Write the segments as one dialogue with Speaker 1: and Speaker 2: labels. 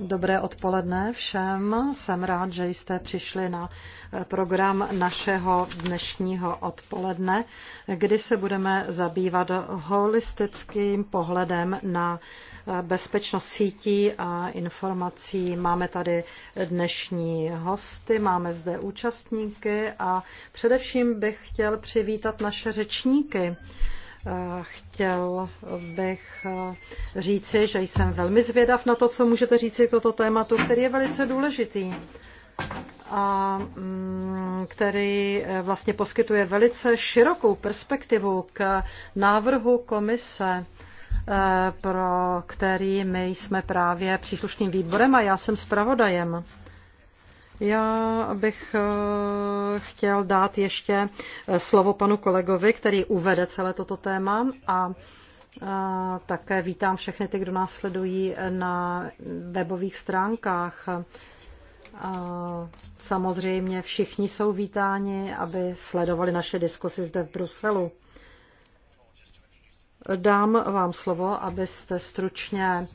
Speaker 1: Dobré odpoledne všem. Jsem rád, že jste přišli na eh, program našeho dnešního odpoledne, kdy se budeme zabývat holistickým pohledem na eh, bezpečnost sítí a informací. Máme tady dnešní hosty, máme zde účastníky a především bych chtěl přivítat naše řečníky. Eh, chtěl bych eh, říci, že jsem velmi zvědav na to, co můžete říci k toto tématu, který je velice důležitý a mm, který eh, vlastně poskytuje velice širokou perspektivu k návrhu komise, pro který my jsme právě příslušným výborem a já jsem zpravodajem. Já bych eh, chtěl dát ještě eh, slovo panu kolegovi, který uvede celé toto téma a eh, také vítám všechny ty, kdo nás sledují na webových stránkách. Samozřejmě všichni jsou vítáni, aby sledovali naše diskusy zde v Bruselu. Dám vám slovo, abyste stručně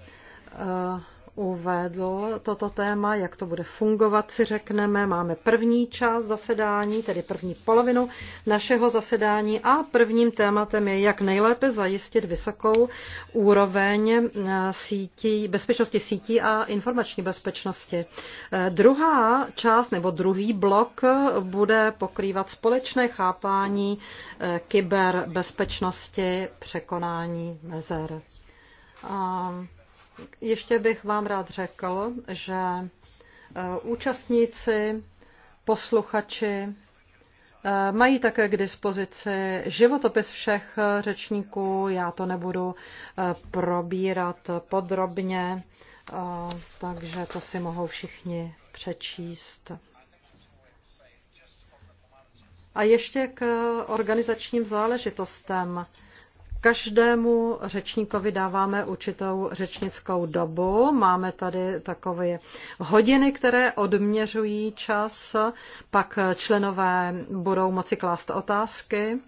Speaker 1: uvedl toto téma, jak to bude fungovat, si řekneme. Máme první část zasedání, tedy první polovinu našeho zasedání a prvním tématem je, jak nejlépe zajistit vysokou úroveň eh, sítí, bezpečnosti sítí a informační bezpečnosti. Eh, druhá část nebo druhý blok bude pokrývat společné chápání eh, kyberbezpečnosti, překonání mezer. Um, ještě bych vám rád řekl, že eh, účastníci, posluchači eh, mají také k dispozici životopis všech eh, řečníků. Já to nebudu probírat podrobně, takže to si mohou všichni přečíst. A ještě k organizačním záležitostem. Každému řečníkovi dáváme určitou řečnickou dobu. Máme tady takové hodiny, které odměřují čas. Pak členové budou moci klást otázky.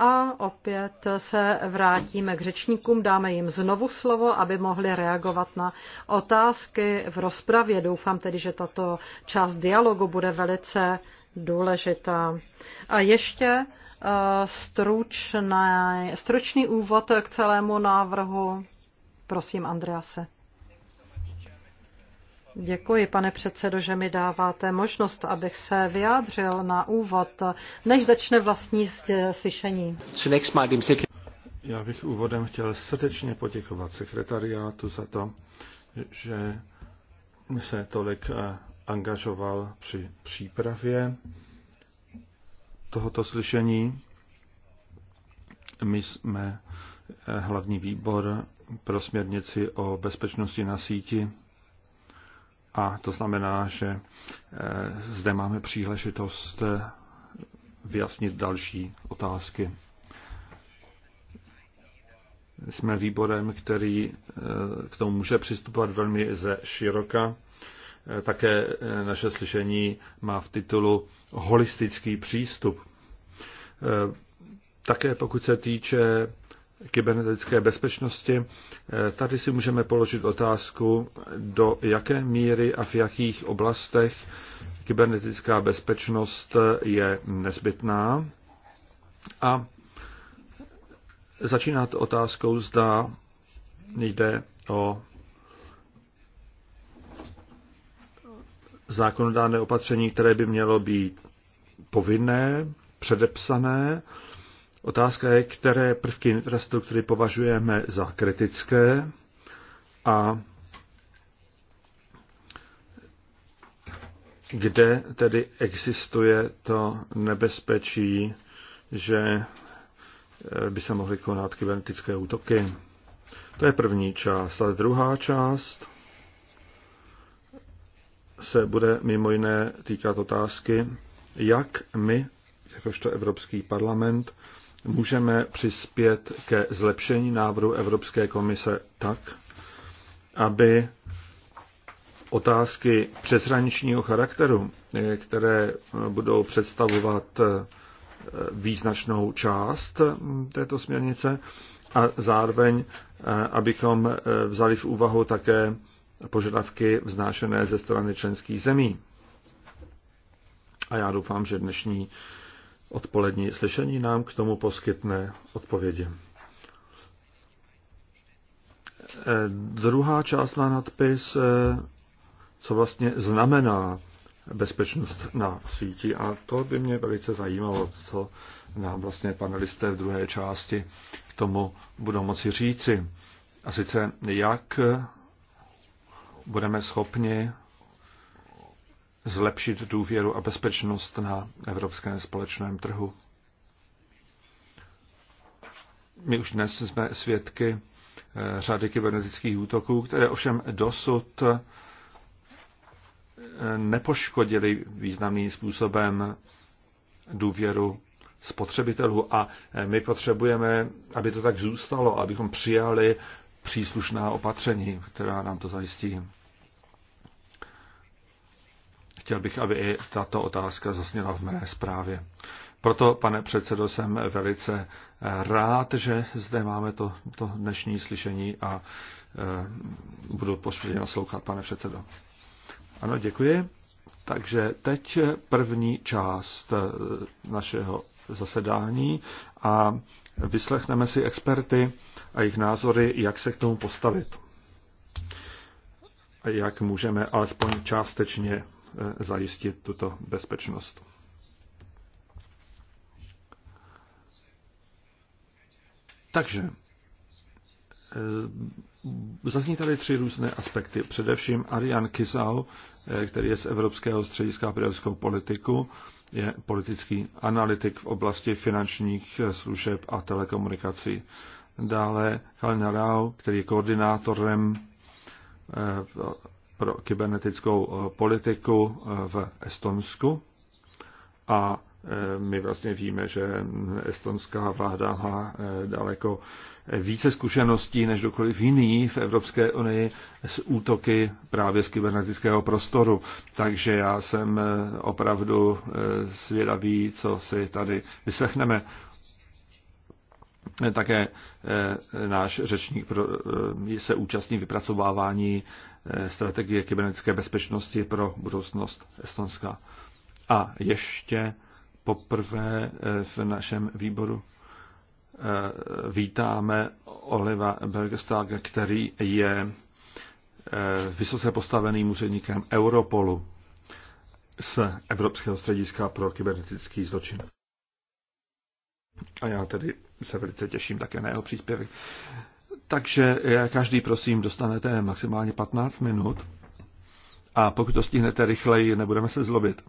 Speaker 1: A opět se vrátíme k řečníkům, dáme jim znovu slovo, aby mohli reagovat na otázky v rozpravě. Doufám tedy, že tato část dialogu bude velice důležitá. A ještě Eh, stručné, stručný úvod k celému návrhu. Prosím, Andrease. Děkuji, pane předsedo, že mi dáváte možnost, abych se vyjádřil na úvod, než začne vlastní slyšení.
Speaker 2: Já bych úvodem chtěl srdečně poděkovat sekretariátu za to, že se tolik eh, angažoval při přípravě tohoto slyšení. My jsme eh, hlavní výbor pro směrnici o bezpečnosti na síti a to znamená, že eh, zde máme příležitost eh, vyjasnit další otázky. Jsme výborem, který k tomu může přistupovat velmi ze široka Eh, také eh, naše slyšení má v titulu Holistický přístup. Eh, také pokud se týče kybernetické bezpečnosti, tady si můžeme položit otázku, do jaké míry a v jakých oblastech kybernetická bezpečnost je nezbytná. A začíná to otázkou, zda jde o zákonodárné opatření, které by mělo být povinné, předepsané. Otázka je, které prvky infrastruktury považujeme za kritické a kde tedy existuje to nebezpečí, že eh, by se mohly konat kybernetické útoky. To je první část. A druhá část se bude mimo jiné týkat otázky, jak my, jakožto Evropský parlament, můžeme přispět ke zlepšení návrhu Evropské komise tak, aby otázky přeshraničního charakteru, které budou představovat eh, význačnou část hm, této směrnice, a zároveň, eh, abychom eh, vzali v úvahu také požadavky vznášené ze strany členských zemí. A já doufám, že dnešní odpolední slyšení nám k tomu poskytne odpovědi. Eh, druhá část má nadpis, eh, co vlastně znamená bezpečnost na síti. A to by mě velice zajímalo, co nám vlastně panelisté v druhé části k tomu budou moci říci. A sice jak budeme schopni zlepšit důvěru a bezpečnost na evropském společném trhu. My už dnes jsme svědky eh, řady kybernetických útoků, které ovšem dosud eh, nepoškodily významným způsobem důvěru spotřebitelů a eh, my potřebujeme, aby to tak zůstalo, abychom přijali příslušná opatření, která nám to zajistí chtěl bych, aby i tato otázka zazněla v mé zprávě. Proto, pane předsedo, jsem velice eh, rád, že zde máme to, to dnešní slyšení a e, budu pošvědně naslouchat, pane předsedo. Ano, děkuji. Takže teď první část eh, našeho zasedání a vyslechneme si experty a jejich názory, jak se k tomu postavit. A jak můžeme alespoň částečně Eh, zajistit tuto bezpečnost. Takže eh, Zazní tady tři různé aspekty. Především Arian Kisau, eh, který je z Evropského střediska pro evropskou politiku, je politický analytik v oblasti finančních služeb a telekomunikací. Dále Helena Rao, který je koordinátorem pro kybernetickou eh, politiku eh, v Estonsku a eh, my vlastně víme, že estonská vláda má daleko více zkušeností než dokoliv jiný v Evropské unii s útoky právě z kybernetického prostoru. Takže já jsem opravdu zvědavý, co si tady vyslechneme. Eh, také eh, náš řečník eh, se účastní vypracovávání strategie kybernetické bezpečnosti pro budoucnost Estonska. A ještě poprvé v našem výboru vítáme Oliva Bergestaga, který je vysoce postaveným úředníkem Europolu z Evropského střediska pro kybernetický zločin. A já tedy se velice těším také na jeho příspěvek. Takže eh, každý, prosím, dostanete maximálně 15 minut a pokud to stihnete rychleji, nebudeme se zlobit.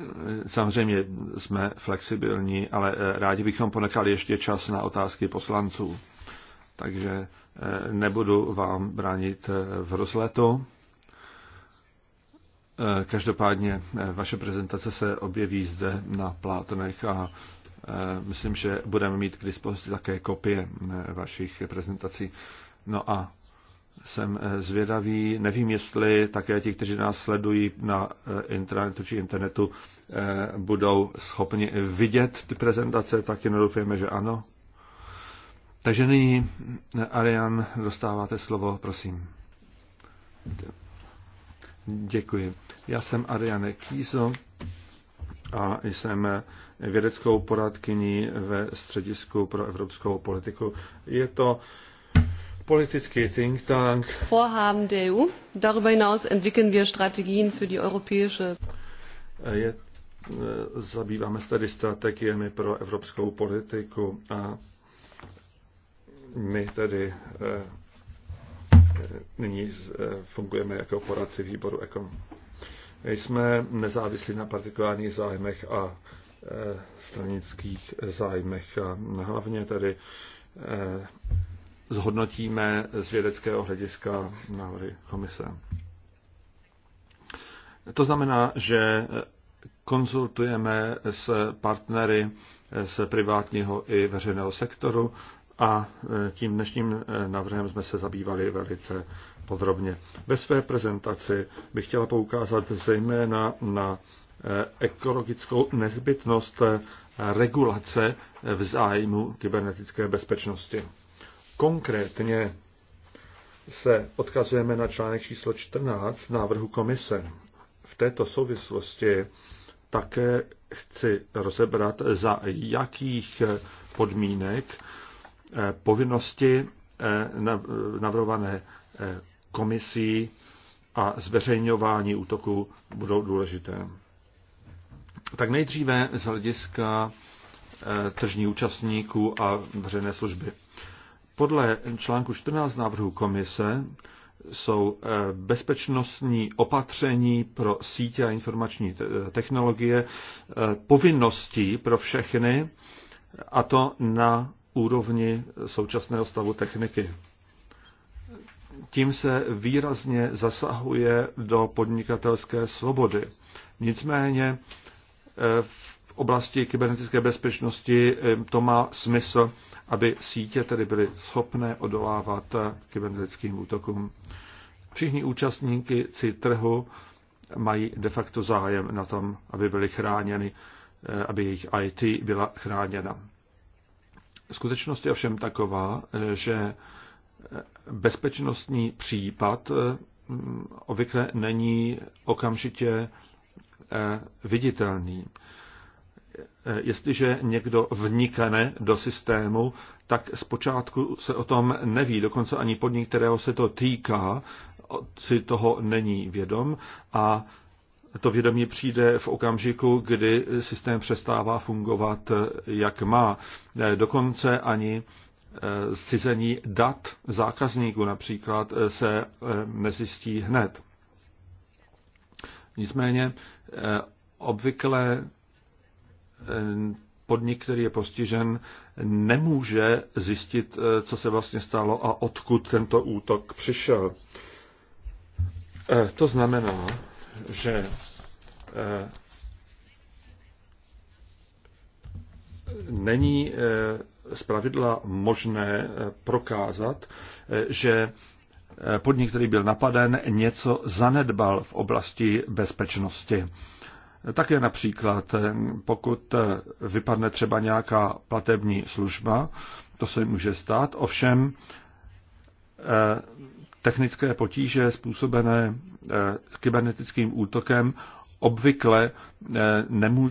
Speaker 2: Eh, samozřejmě jsme flexibilní, ale eh, rádi bychom ponechali ještě čas na otázky poslanců. Takže nebudu vám bránit v rozletu. Každopádně eh, vaše prezentace se objeví zde na plátnech a eh, myslím, že budeme mít k dispozici také kopie eh, vašich prezentací. No a jsem zvědavý, nevím, jestli také ti, kteří nás sledují na internetu či internetu, budou schopni vidět ty prezentace, jen doufujeme, že ano. Takže nyní, Arian, dostáváte slovo, prosím. Děkuji. Já jsem Ariane Kýzo a jsem vědeckou poradkyní ve Středisku pro evropskou politiku. Je to politický think tank.
Speaker 1: Vorhaben der EU. Darüber hinaus entwickeln wir Strategien für die europäische.
Speaker 2: Je, zabýváme se tedy strategiemi pro evropskou politiku a my tedy eh, nyní eh, fungujeme jako poradci výboru EKOM. Jsme nezávislí na partikulárních zájmech a eh, stranických zájmech a hlavně tedy eh, zhodnotíme z vědeckého hlediska návrhy komise. To znamená, že konzultujeme s partnery z privátního i veřejného sektoru a e, tím dnešním e, návrhem jsme se zabývali velice podrobně. Ve své prezentaci bych chtěla poukázat zejména na e, ekologickou nezbytnost regulace v zájmu kybernetické bezpečnosti. Konkrétně se odkazujeme na článek číslo 14 návrhu komise. V této souvislosti také chci rozebrat, za jakých podmínek Eh, povinnosti eh, navrhované eh, komisí a zveřejňování útoku budou důležité. Tak nejdříve z hlediska tržní účastníků a veřejné služby. Podle článku 14 návrhu komise jsou bezpečnostní opatření pro sítě a informační technologie povinností pro všechny, a to na úrovni současného stavu techniky. Tím se výrazně zasahuje do podnikatelské svobody. Nicméně eh, v oblasti kybernetické bezpečnosti eh, to má smysl, aby sítě tedy byly schopné odolávat eh, kybernetickým útokům. Všichni ci trhu mají de facto zájem na tom, aby byly chráněny, aby jejich IT byla chráněna. Skutečnost je ovšem taková, že bezpečnostní případ eh, mm, obvykle není okamžitě eh, viditelný. Eh, jestliže někdo vnikne do systému, tak zpočátku se o tom neví, dokonce ani podnik, kterého se to týká, si toho není vědom a to vědomí přijde v okamžiku, kdy systém přestává fungovat, jak má. Dokonce ani eh, zcizení dat zákazníků například eh, se eh, nezjistí hned. Nicméně obvykle podnik, který je postižen, nemůže zjistit, co se vlastně stalo a odkud tento útok přišel. To znamená, že eh, není eh, pravidla možné eh, prokázat, že podnik, který byl napaden, něco zanedbal v oblasti bezpečnosti. Také například, pokud vypadne třeba nějaká platební služba, to se může stát, ovšem Technické potíže způsobené eh, kybernetickým útokem obvykle eh,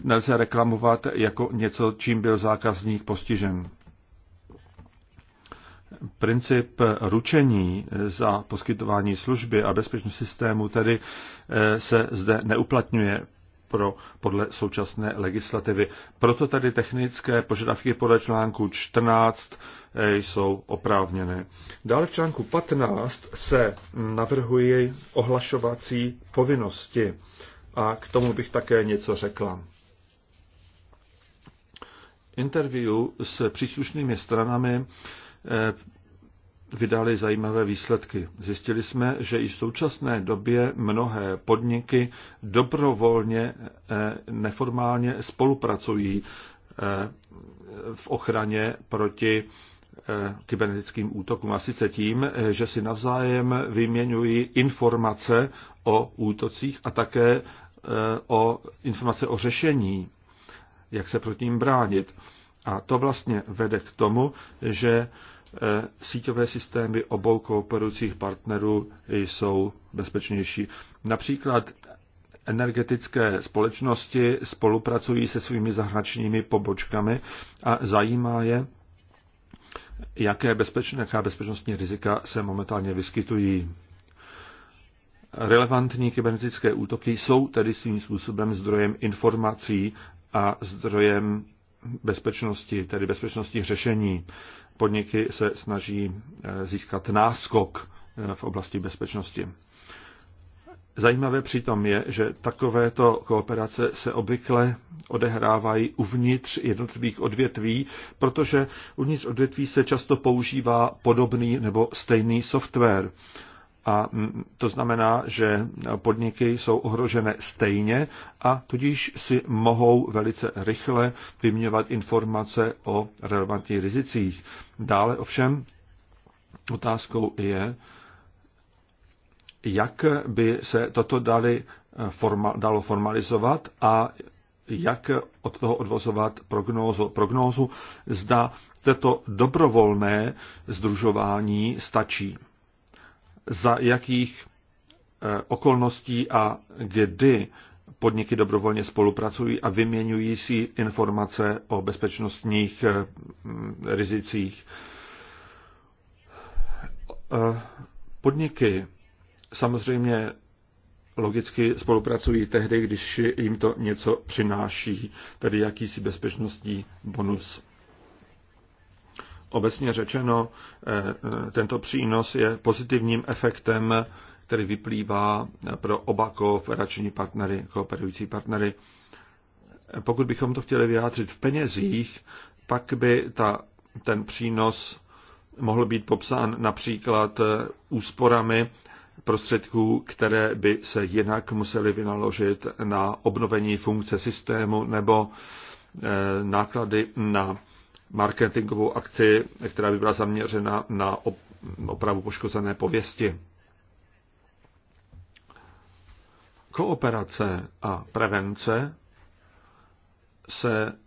Speaker 2: nelze reklamovat jako něco, čím byl zákazník postižen. Princip ručení eh, za poskytování služby a bezpečnost systému tedy se zde neuplatňuje, pro, podle současné legislativy. Proto tady technické požadavky podle článku 14 eh, jsou oprávněné. Dále v článku 15 se navrhuje ohlašovací povinnosti a k tomu bych také něco řekla. Interview s příslušnými stranami eh, vydali zajímavé výsledky. Zjistili jsme, že i v současné době mnohé podniky dobrovolně, eh, neformálně spolupracují eh, v ochraně proti eh, kybernetickým útokům. A sice tím, že si navzájem vyměňují informace o útocích a také o informace o řešení, jak se proti ním bránit. A to vlastně vede k tomu, že Eh, síťové systémy obou kooperujících partnerů jsou bezpečnější. Například energetické společnosti spolupracují se svými zahraničními pobočkami a zajímá je, jaké bezpečné, jaká bezpečnostní rizika se momentálně vyskytují. Relevantní kybernetické útoky jsou tedy svým způsobem zdrojem informací a zdrojem bezpečnosti, tedy bezpečnosti řešení podniky se snaží eh, získat náskok eh, v oblasti bezpečnosti. Zajímavé přitom je, že takovéto kooperace se obvykle odehrávají uvnitř jednotlivých odvětví, protože uvnitř odvětví se často používá podobný nebo stejný software. A to znamená, že podniky jsou ohrožené stejně a tudíž si mohou velice rychle vyměňovat informace o relevantních rizicích. Dále ovšem otázkou je, jak by se toto dali, eh, forma, dalo formalizovat a jak od toho odvozovat prognózu, prognózu zda toto dobrovolné združování stačí za jakých eh, okolností a kdy podniky dobrovolně spolupracují a vyměňují si informace o bezpečnostních eh, mm, rizicích. Eh, podniky samozřejmě logicky spolupracují tehdy, když jim to něco přináší, tedy jakýsi bezpečnostní bonus. Obecně řečeno, eh, eh, tento přínos je pozitivním efektem, který vyplývá pro oba kooperační partnery, kooperující partnery. Pokud bychom to chtěli vyjádřit v penězích, pak by ta, ten přínos mohl být popsán například eh, úsporami prostředků, které by se jinak museli vynaložit na obnovení funkce systému nebo náklady na marketingovou akci, která by byla zaměřena na opravu poškozené pověsti. Kooperace a prevence se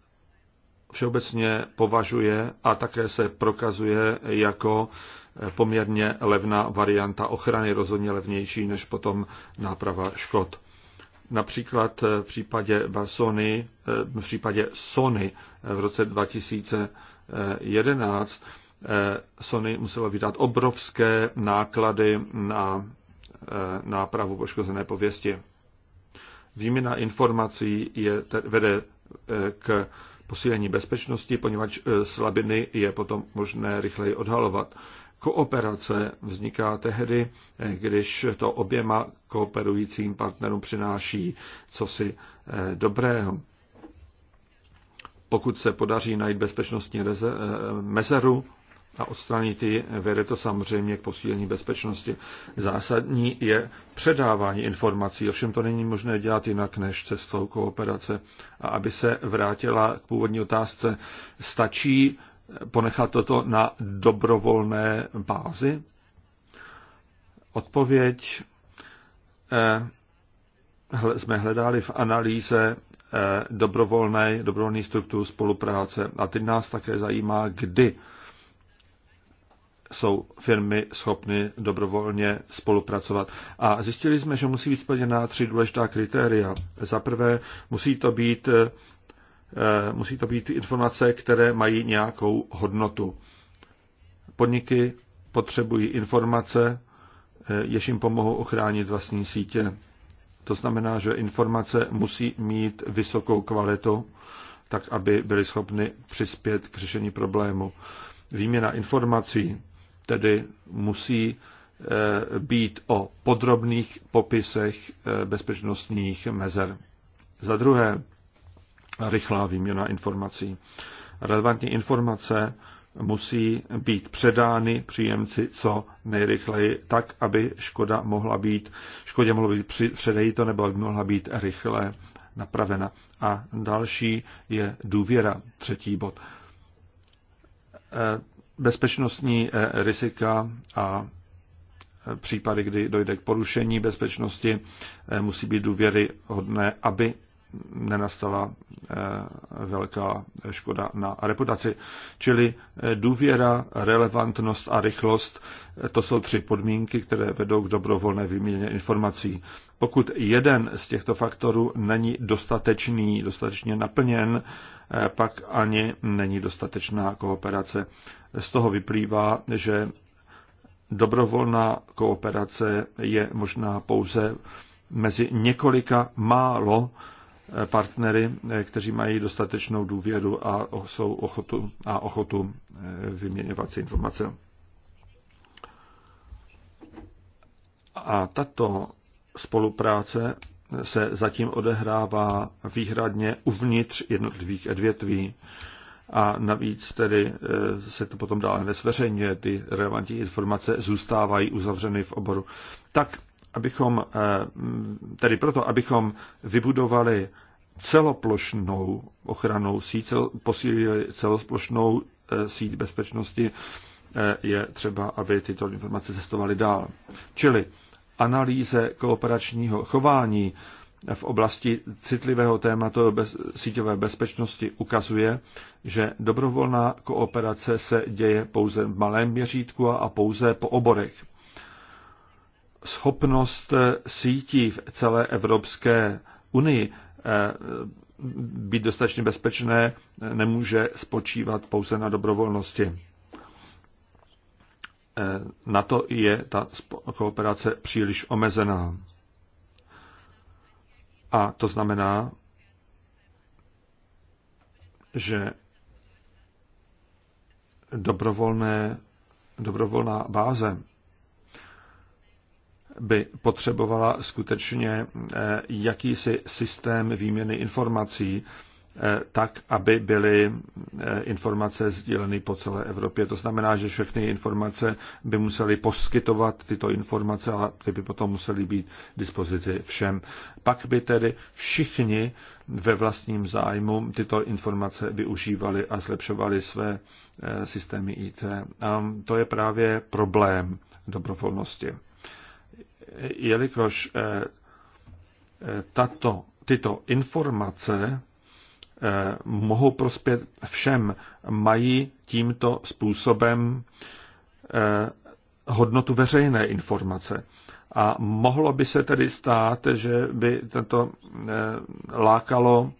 Speaker 2: všeobecně považuje a také se prokazuje jako poměrně levná varianta ochrany, rozhodně levnější než potom náprava škod. Například eh, eh, v případě Sony, v případě Sony v roce 2011 eh, Sony muselo vydat obrovské náklady na nápravu poškozené pověsti. Výměna informací je, vede k posílení bezpečnosti, poněvadž slabiny je potom možné rychleji odhalovat. Kooperace vzniká tehdy, eh, když to oběma kooperujícím partnerům přináší cosi eh, dobrého. Pokud se podaří najít bezpečnostní eh, mezeru a odstranit ji, vede to samozřejmě k posílení bezpečnosti. Zásadní je předávání informací, ovšem to není možné dělat jinak než cestou kooperace. A aby se vrátila k původní otázce, stačí ponechat toto na dobrovolné bázi? Odpověď eh, jsme hledali v analýze eh, dobrovolné, dobrovolných struktur spolupráce. A teď nás také zajímá, kdy jsou firmy schopny dobrovolně spolupracovat. A zjistili jsme, že musí být splněna tři důležitá kritéria. Za prvé, musí to být eh, Eh, musí to být informace, které mají nějakou hodnotu. Podniky potřebují informace, eh, jež jim pomohou ochránit vlastní sítě. To znamená, že informace musí mít vysokou kvalitu, tak aby byly schopny přispět k řešení problému. Výměna informací tedy musí eh, být o podrobných popisech bezpečnostních mezer. Za druhé, rychlá výměna informací. Relevantní informace musí být předány příjemci co nejrychleji, tak, aby škoda mohla být, škodě mohlo být předejito nebo aby mohla být rychle napravena. A další je důvěra, třetí bod. Eh, bezpečnostní eh, rizika a eh, případy, kdy dojde k porušení bezpečnosti, musí být důvěry hodné, aby nenastala eh, velká škoda na reputaci. Čili eh, důvěra, relevantnost a rychlost, eh, to jsou tři podmínky, které vedou k dobrovolné výměně informací. Pokud jeden z těchto faktorů není dostatečný, dostatečně naplněn, pak ani není dostatečná kooperace. Z toho vyplývá, že dobrovolná kooperace je možná pouze mezi několika málo partnery, kteří mají dostatečnou důvěru a jsou ochotu, a ochotu eh, vyměňovat si informace. A tato spolupráce se zatím odehrává výhradně uvnitř jednotlivých odvětví a navíc tedy eh, se to potom dále nesveřejňuje, ty relevantní informace zůstávají uzavřeny v oboru. Tak abychom, eh, tedy proto, abychom vybudovali celoplošnou ochranou síť, posílili celoplošnou eh, síť bezpečnosti, eh, je třeba, aby tyto informace cestovaly dál. Čili analýze kooperačního chování v oblasti citlivého tématu bez, síťové bezpečnosti ukazuje, že dobrovolná kooperace se děje pouze v malém měřítku a pouze po oborech schopnost eh, sítí v celé Evropské unii eh, být dostatečně bezpečné eh, nemůže spočívat pouze na dobrovolnosti. Na to je ta kooperace příliš omezená. A to znamená, že dobrovolné, dobrovolná báze by potřebovala skutečně eh, jakýsi systém výměny informací, eh, tak, aby byly eh, informace sdíleny po celé Evropě. To znamená, že všechny informace by musely poskytovat tyto informace a ty by potom musely být k dispozici všem. Pak by tedy všichni ve vlastním zájmu tyto informace využívali a zlepšovali své systémy IT. A to je právě problém dobrovolnosti jelikož eh, eh, tato, tyto informace eh, mohou prospět všem, mají tímto způsobem hodnotu veřejné informace. A mohlo by se tedy stát, že by tento lákalo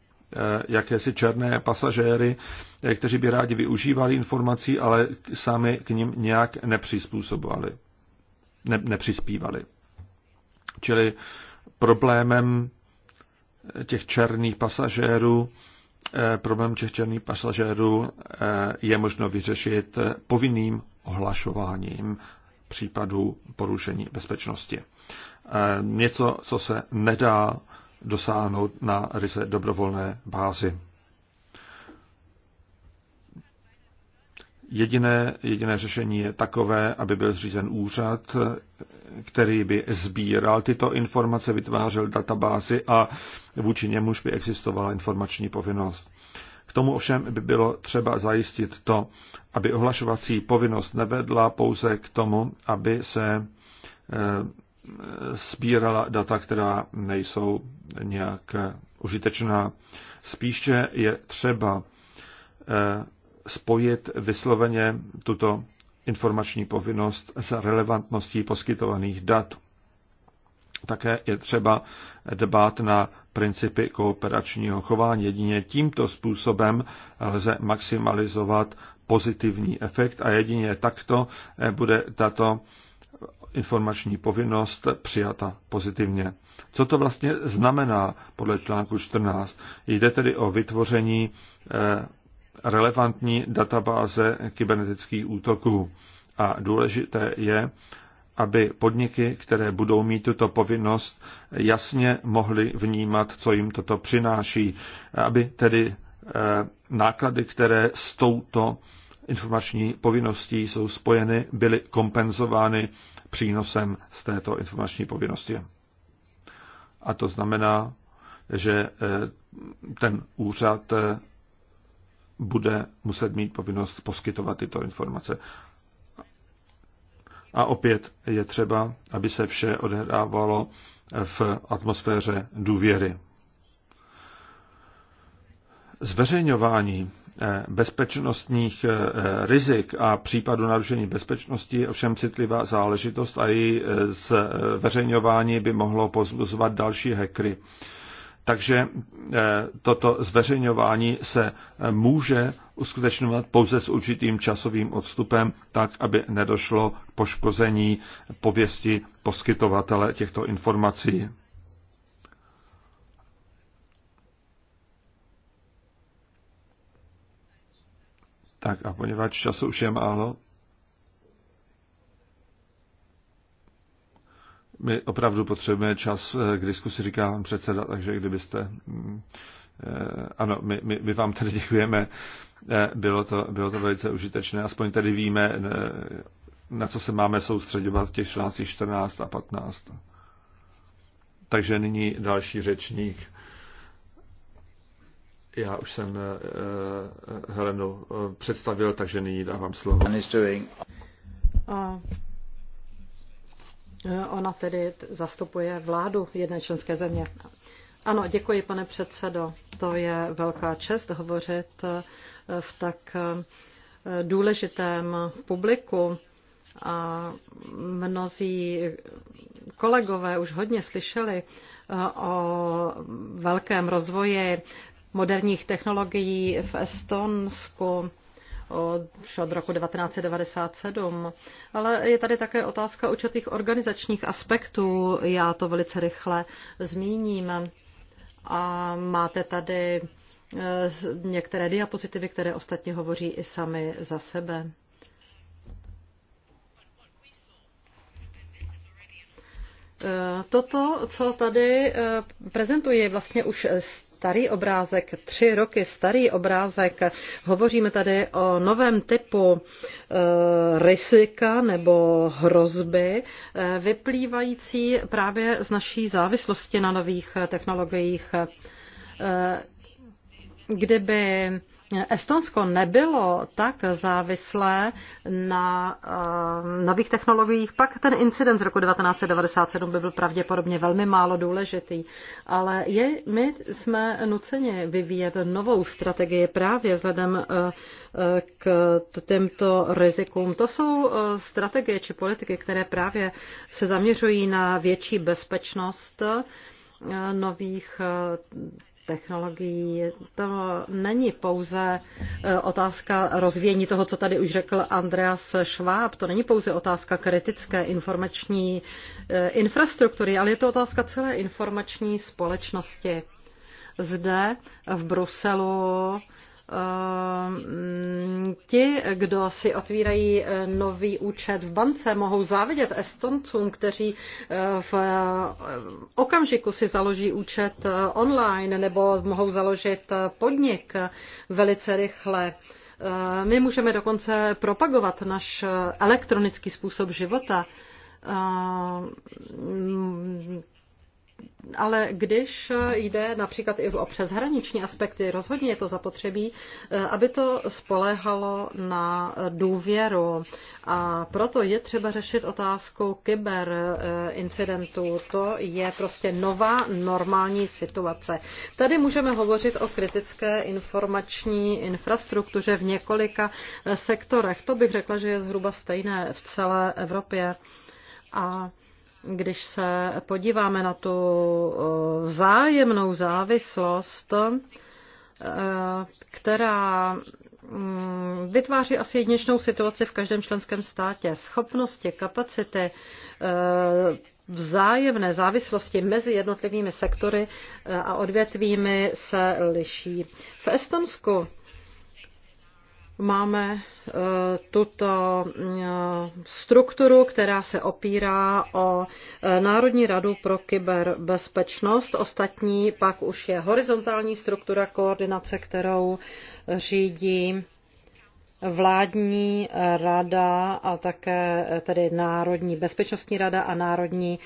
Speaker 2: jakési černé pasažéry, kteří by rádi využívali informací, ale sami k ním nějak nepřizpůsobovali, ne, nepřispívali. Čili problémem těch černých pasažérů, eh, problém těch černých pasažérů eh, je možno vyřešit povinným ohlašováním případů porušení bezpečnosti. Eh, něco, co se nedá dosáhnout na ryze dobrovolné bázi. Jediné, jediné řešení je takové, aby byl zřízen úřad, který by sbíral tyto informace, vytvářel databázy a vůči němuž by existovala informační povinnost. K tomu ovšem by bylo třeba zajistit to, aby ohlašovací povinnost nevedla pouze k tomu, aby se eh, sbírala data, která nejsou nějak užitečná. Spíše je třeba eh, spojit vysloveně tuto informační povinnost s relevantností poskytovaných dat. Také je třeba dbát na principy kooperačního chování. Jedině tímto způsobem lze maximalizovat pozitivní efekt a jedině takto eh, bude tato informační povinnost přijata pozitivně. Co to vlastně znamená podle článku 14? Jde tedy o vytvoření eh, relevantní databáze kybernetických útoků. A důležité je, aby podniky, které budou mít tuto povinnost, jasně mohly vnímat, co jim toto přináší, aby tedy eh, náklady, které s touto informační povinností jsou spojeny, byly kompenzovány přínosem z této informační povinnosti. A to znamená, že eh, ten úřad eh, bude muset mít povinnost poskytovat tyto informace. A opět je třeba, aby se vše odehrávalo v atmosféře důvěry. Zveřejňování eh, bezpečnostních eh, rizik a případu narušení bezpečnosti je ovšem citlivá záležitost a její eh, zveřejňování by mohlo pozluzovat další hekry. Takže eh, toto zveřejňování se eh, může uskutečňovat pouze s určitým časovým odstupem, tak, aby nedošlo k poškození pověsti poskytovatele těchto informací. Tak a poněvadž času už je málo, my opravdu potřebujeme čas eh, k diskusi, říkám předseda, takže kdybyste... Mm, eh, ano, my, my, my vám tady děkujeme. Eh, bylo to, bylo to velice užitečné. Aspoň tady víme, na co se máme soustředovat v těch článcích 14 a 15. Takže nyní další řečník. Já už jsem Helenu představil, takže nyní dávám slovo.
Speaker 1: Ona tedy zastupuje vládu jedné členské země. Ano, děkuji, pane předsedo. To je velká čest hovořit eh, v tak eh, důležitém publiku. A mnozí kolegové už hodně slyšeli eh, o velkém rozvoji moderních technologií v Estonsku od od roku 1997. Ale je tady také otázka určitých organizačních aspektů. Já to velice rychle zmíním. A máte tady eh, některé diapozitivy, které ostatně hovoří i sami za sebe. Eh, toto, co tady eh, prezentuji, je vlastně už starý obrázek, tři roky starý obrázek. Hovoříme tady o novém typu eh, rizika nebo hrozby, eh, vyplývající právě z naší závislosti na nových eh, technologiích. Kdyby Estonsko nebylo tak závislé na uh, nových technologiích, pak ten incident z roku 1997 by byl pravděpodobně velmi málo důležitý, ale je, my jsme nuceni vyvíjet novou strategii právě vzhledem uh, k těmto rizikům. To jsou uh, strategie či politiky, které právě se zaměřují na větší bezpečnost nových technologií. To není pouze eh, otázka rozvíjení toho, co tady už řekl Andreas Schwab. To není pouze otázka kritické informační eh, infrastruktury, ale je to otázka celé informační společnosti. Zde v Bruselu Ehm, ti, kdo si otvírají e, nový účet v bance, mohou závidět Estoncům, kteří e, v e, okamžiku si založí účet online nebo mohou založit podnik velice rychle. My můžeme dokonce propagovat náš elektronický způsob života ehm, ale když eh, jde například i o přeshraniční aspekty, rozhodně je to zapotřebí, eh, aby to spoléhalo na eh, důvěru. A proto je třeba řešit otázku kyberincidentů. To je prostě nová normální situace. Tady můžeme hovořit o kritické informační infrastruktuře v několika sektorech. To bych řekla, že je zhruba stejné v celé Evropě. A když se podíváme na tu eh, vzájemnou závislost, eh, která mm, vytváří asi jedničnou situaci v každém členském státě. Schopnosti, kapacity, eh, vzájemné závislosti mezi jednotlivými sektory a odvětvími se liší. V Estonsku máme e, tuto e, strukturu, která se opírá o e, Národní radu pro kyberbezpečnost. Ostatní pak už je horizontální struktura koordinace, kterou řídí vládní rada a také tedy Národní bezpečnostní rada a Národní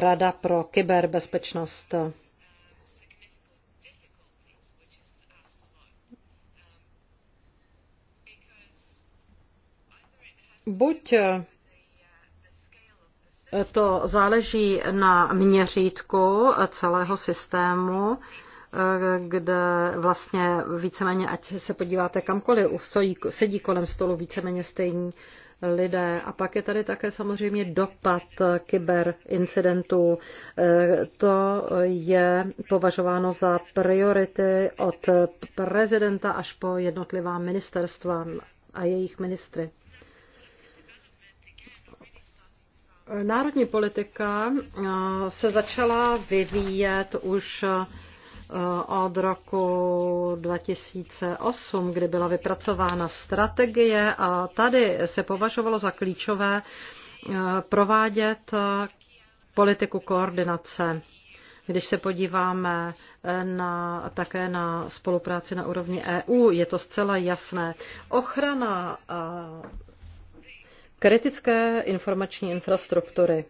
Speaker 1: rada pro kyberbezpečnost. Buď eh, to záleží na měřítku eh, celého systému, eh, kde vlastně víceméně, ať se podíváte kamkoliv, stojí, sedí kolem stolu víceméně stejní lidé. A pak je tady také samozřejmě dopad kyberincidentů. To je považováno za priority od prezidenta až po jednotlivá ministerstva a jejich ministry. Národní politika eh, se začala vyvíjet už eh, od roku 2008, kdy byla vypracována strategie a tady se považovalo za klíčové eh, provádět politiku koordinace. Když se podíváme na, také na spolupráci na úrovni EU, je to zcela jasné. Ochrana kritické informační infrastruktury.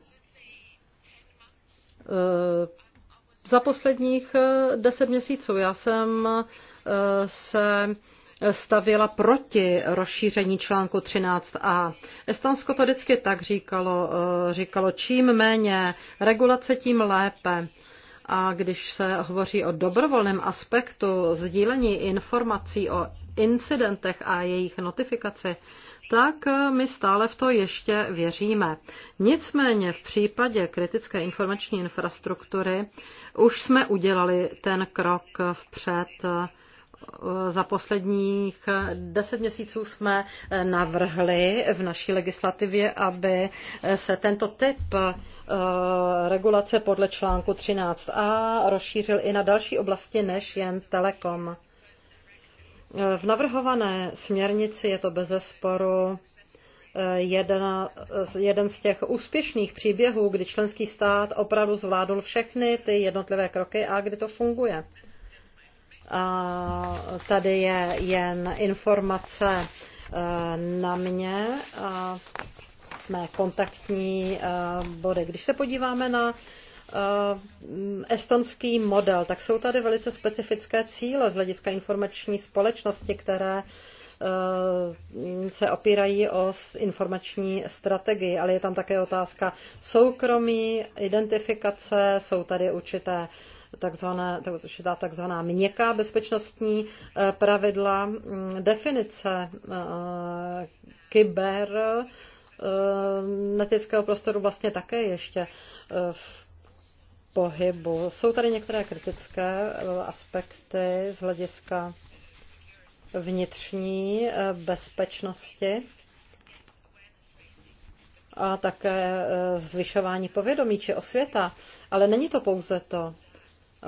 Speaker 1: Eh, za posledních eh, deset měsíců já jsem eh, se stavila proti rozšíření článku 13a. Estonsko to vždycky tak říkalo, říkalo čím méně regulace, tím lépe. A když se hovoří o dobrovolném aspektu sdílení informací o incidentech a jejich notifikaci, tak eh, my stále v to ještě věříme. Nicméně v případě kritické informační infrastruktury už jsme udělali ten krok vpřed. Eh, za posledních eh, deset měsíců jsme navrhli v naší legislativě, aby se tento typ regulace podle článku 13a rozšířil i na další oblasti než jen telekom. V navrhované směrnici je to bez zesporu eh, jeden, eh, jeden z těch úspěšných příběhů, kdy členský stát opravdu zvládl všechny ty jednotlivé kroky a kdy to funguje. A tady je jen informace eh, na mě a mé kontaktní body. Když se podíváme na Eh, estonský model, tak jsou tady velice specifické cíle z hlediska informační společnosti, které eh, se opírají o informační strategii, ale je tam také otázka soukromí, identifikace, jsou tady určité takzvané, takzvaná měkká bezpečnostní eh, pravidla, hm, definice kyber netického prostoru vlastně také ještě v pohybu. Jsou tady některé kritické eh, aspekty z hlediska vnitřní eh, bezpečnosti a také eh, zvyšování povědomí či osvěta. Ale není to pouze to.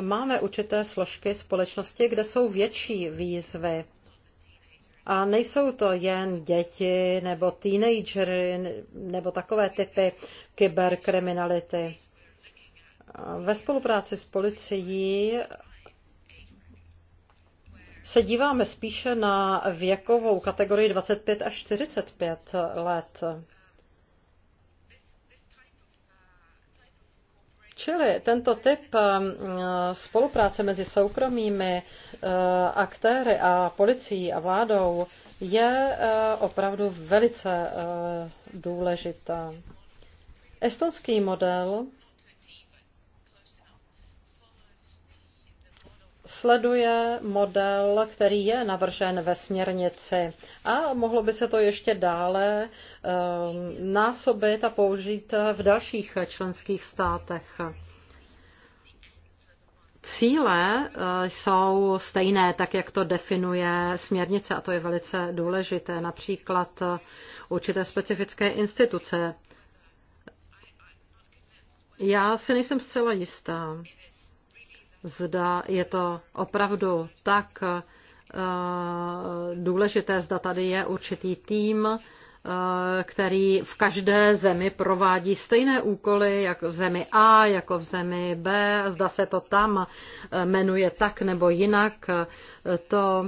Speaker 1: Máme určité složky společnosti, kde jsou větší výzvy. A nejsou to jen děti nebo teenagery nebo takové typy kyberkriminality. Ve spolupráci s policií se díváme spíše na věkovou kategorii 25 až 45 let. Čili tento typ eh, spolupráce mezi soukromými eh, aktéry a policií a vládou je eh, opravdu velice důležitá. Estonský model sleduje model, který je navržen ve směrnici a mohlo by se to ještě dále ehm, násobit a použít v dalších členských státech. Cíle eh, jsou stejné, tak jak to definuje směrnice, a to je velice důležité. Například eh, určité specifické instituce. Já si nejsem zcela jistá zda je to opravdu tak eh, důležité, zda tady je určitý tým, eh, který v každé zemi provádí stejné úkoly, jako v zemi A, jako v zemi B, zda se to tam eh, jmenuje tak nebo jinak, to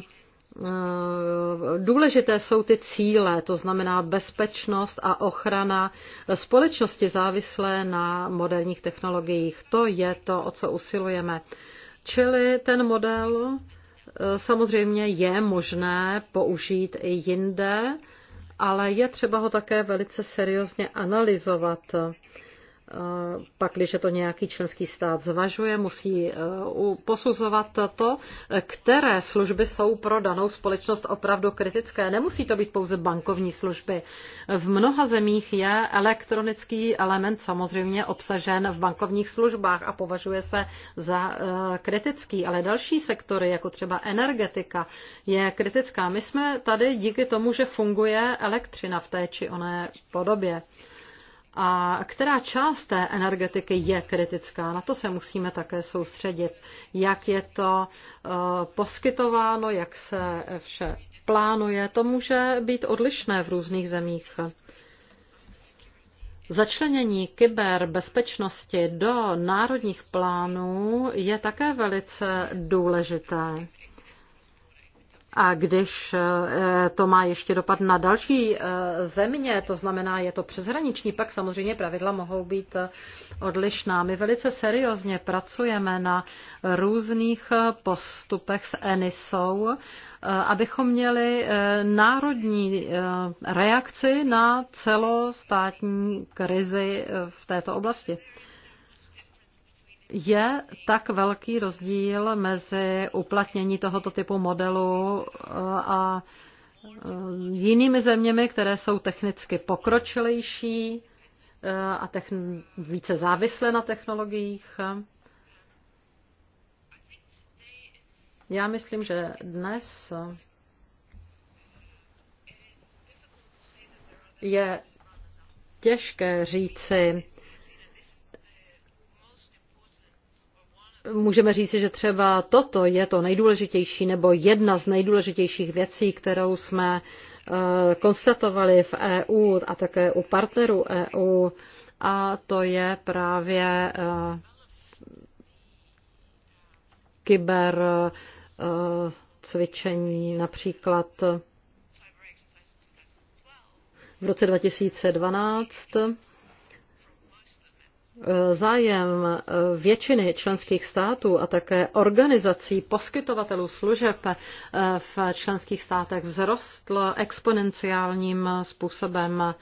Speaker 1: Eh, důležité jsou ty cíle, to znamená bezpečnost a ochrana společnosti závislé na moderních technologiích. To je to, o co usilujeme. Čili ten model eh, samozřejmě je možné použít i jinde, ale je třeba ho také velice seriózně analyzovat pak, když to nějaký členský stát zvažuje, musí eh, posuzovat to, které služby jsou pro danou společnost opravdu kritické. Nemusí to být pouze bankovní služby. V mnoha zemích je elektronický element samozřejmě obsažen v bankovních službách a považuje se za eh, kritický, ale další sektory, jako třeba energetika, je kritická. My jsme tady díky tomu, že funguje elektřina v té či oné podobě a která část té energetiky je kritická. Na to se musíme také soustředit, jak je to eh, poskytováno, jak se vše plánuje. To může být odlišné v různých zemích. Začlenění kyberbezpečnosti do národních plánů je také velice důležité. A když eh, to má ještě dopad na další eh, země, to znamená, je to přeshraniční, pak samozřejmě pravidla mohou být eh, odlišná. My velice seriózně pracujeme na různých postupech s ENISou, abychom měli národní reakci na celostátní krizi v této oblasti je tak velký rozdíl mezi uplatnění tohoto typu modelu eh, a eh, jinými zeměmi, které jsou technicky pokročilejší eh, a techn- více závislé na technologiích. Já myslím, že dnes je těžké říci, můžeme říci, že třeba toto je to nejdůležitější nebo jedna z nejdůležitějších věcí, kterou jsme eh, konstatovali v EU a také u partnerů EU, a to je právě eh, kyber eh, cvičení například v roce 2012 zájem eh, většiny členských států a také organizací poskytovatelů služeb eh, v členských státech vzrostl exponenciálním způsobem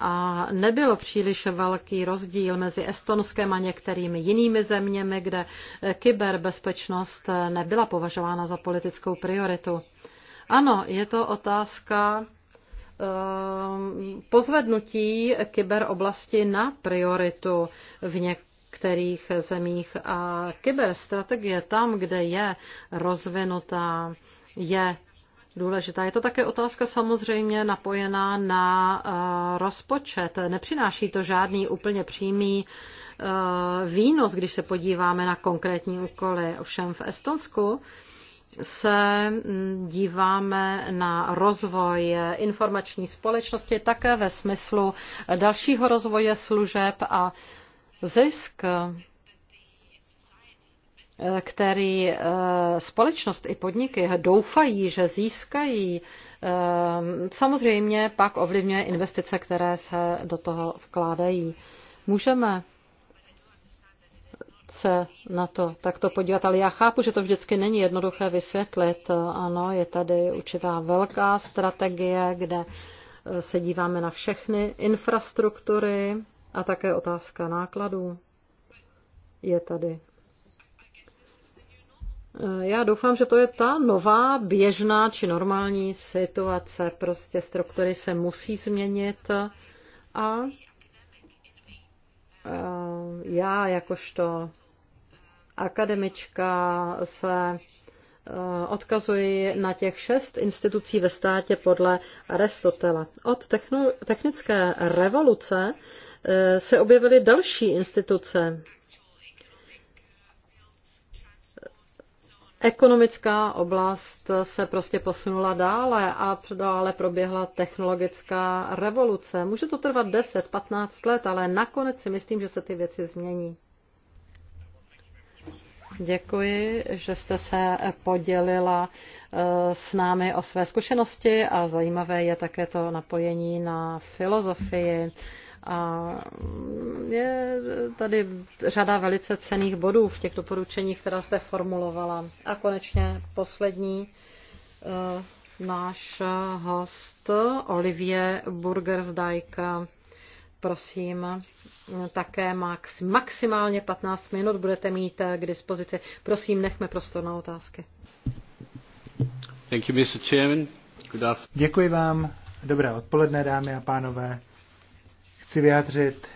Speaker 1: a nebyl příliš velký rozdíl mezi Estonskem a některými jinými zeměmi, kde eh, kyberbezpečnost nebyla považována za politickou prioritu. Ano, je to otázka Ehm, pozvednutí kyberoblasti na prioritu v některých zemích. A kyberstrategie tam, kde je rozvinutá, je důležitá. Je to také otázka samozřejmě napojená na eh, rozpočet. Nepřináší to žádný úplně přímý eh, výnos, když se podíváme na konkrétní úkoly. Ovšem v Estonsku se mm, díváme na rozvoj informační společnosti také ve smyslu dalšího rozvoje služeb a zisk, který eh, společnost i podniky doufají, že získají, eh, samozřejmě pak ovlivňuje investice, které se do toho vkládají. Můžeme se na to takto podívat. Ale já chápu, že to vždycky není jednoduché vysvětlit. Ano, je tady určitá velká strategie, kde eh, se díváme na všechny infrastruktury a také otázka nákladů je tady. Eh, já doufám, že to je ta nová, běžná či normální situace. Prostě struktury se musí změnit a eh, já jakožto akademička se eh, odkazuji na těch šest institucí ve státě podle Aristotela. Od technické revoluce eh, se objevily další instituce, Ekonomická oblast se prostě posunula dále a dále proběhla technologická revoluce. Může to trvat 10-15 let, ale nakonec si myslím, že se ty věci změní. Děkuji, že jste se podělila eh, s námi o své zkušenosti a zajímavé je také to napojení na filozofii a je tady řada velice cených bodů v těch doporučeních, která jste formulovala. A konečně poslední eh, náš host Olivier Burgersdijk. Prosím, také max, maximálně 15 minut budete mít eh, k dispozici. Prosím, nechme prostor na otázky.
Speaker 3: Thank you, Mr. Chairman. Good Děkuji vám. Dobré odpoledne, dámy a pánové chci vyjádřit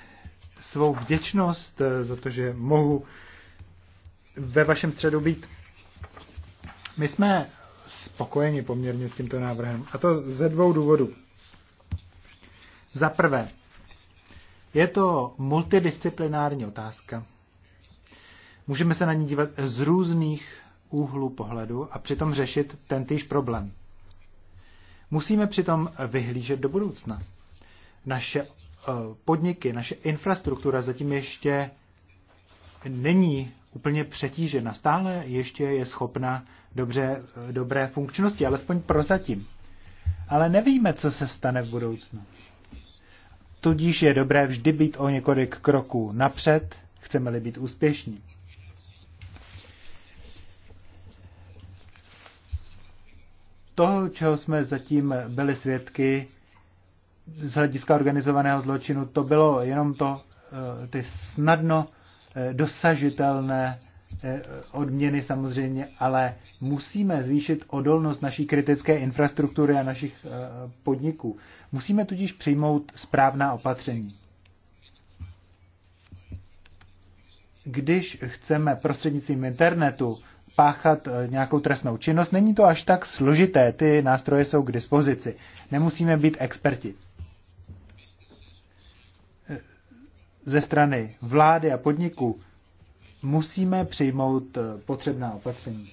Speaker 3: svou vděčnost eh, za to, že mohu ve vašem středu být. My jsme spokojeni poměrně s tímto návrhem. A to ze dvou důvodů. Za prvé, je to multidisciplinární otázka. Můžeme se na ní dívat z různých úhlů pohledu a přitom řešit tentýž problém. Musíme přitom vyhlížet do budoucna. Naše Eh, podniky, naše infrastruktura zatím ještě není úplně přetížena. Stále ještě je schopna dobře, eh, dobré funkčnosti, alespoň prozatím. Ale nevíme, co se stane v budoucnu. Tudíž je dobré vždy být o několik kroků napřed, chceme-li být úspěšní. Toho, čeho jsme zatím byli svědky, z hlediska organizovaného zločinu, to bylo jenom to, eh, ty snadno eh, dosažitelné eh, odměny samozřejmě, ale musíme zvýšit odolnost naší kritické infrastruktury a našich podniků. Musíme tudíž přijmout správná opatření. Když chceme prostřednictvím internetu páchat nějakou trestnou činnost, není to až tak složité, ty nástroje jsou k dispozici. Nemusíme být experti. ze strany vlády a podniků musíme přijmout eh, potřebná opatření.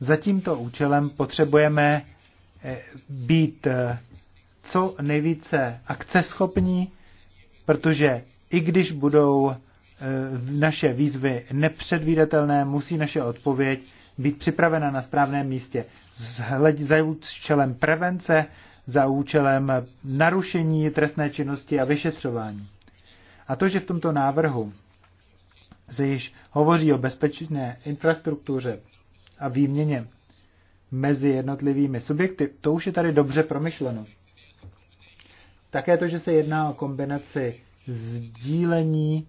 Speaker 3: Za tímto účelem potřebujeme eh, být eh, co nejvíce akceschopní, protože i když budou naše výzvy nepředvídatelné, musí naše odpověď být připravena na správném místě. Za účelem prevence, za účelem narušení trestné činnosti a vyšetřování. A to, že v tomto návrhu se již hovoří o bezpečné infrastruktuře a výměně mezi jednotlivými subjekty, to už je tady dobře promyšleno. Také to, že se jedná o kombinaci sdílení,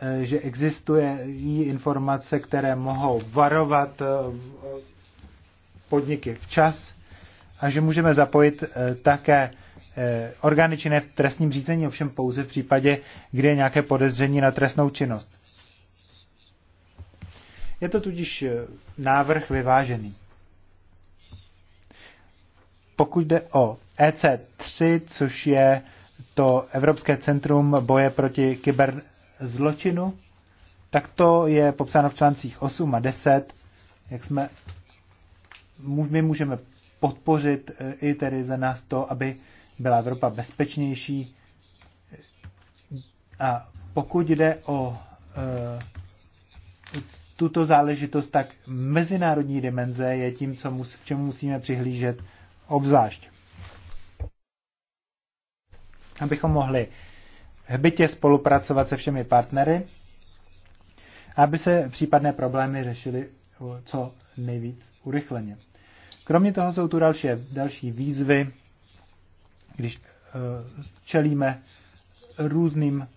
Speaker 3: eh, že existuje i informace, které mohou varovat eh, eh, podniky včas a že můžeme zapojit také Eh, orgány činné v trestním řízení, ovšem pouze v případě, kdy je nějaké podezření na trestnou činnost. Je to tudíž eh, návrh vyvážený. Pokud jde o EC3, což je to Evropské centrum boje proti kyberzločinu, tak to je popsáno v článcích 8 a 10, jak jsme, my můžeme podpořit eh, i tedy za nás to, aby byla Evropa bezpečnější. A pokud jde o e, tuto záležitost, tak mezinárodní dimenze je tím, co mus, k čemu musíme přihlížet obzvlášť. Abychom mohli hbitě spolupracovat se všemi partnery, aby se případné problémy řešily co nejvíc urychleně. Kromě toho jsou tu další, další výzvy, když eh, čelíme různým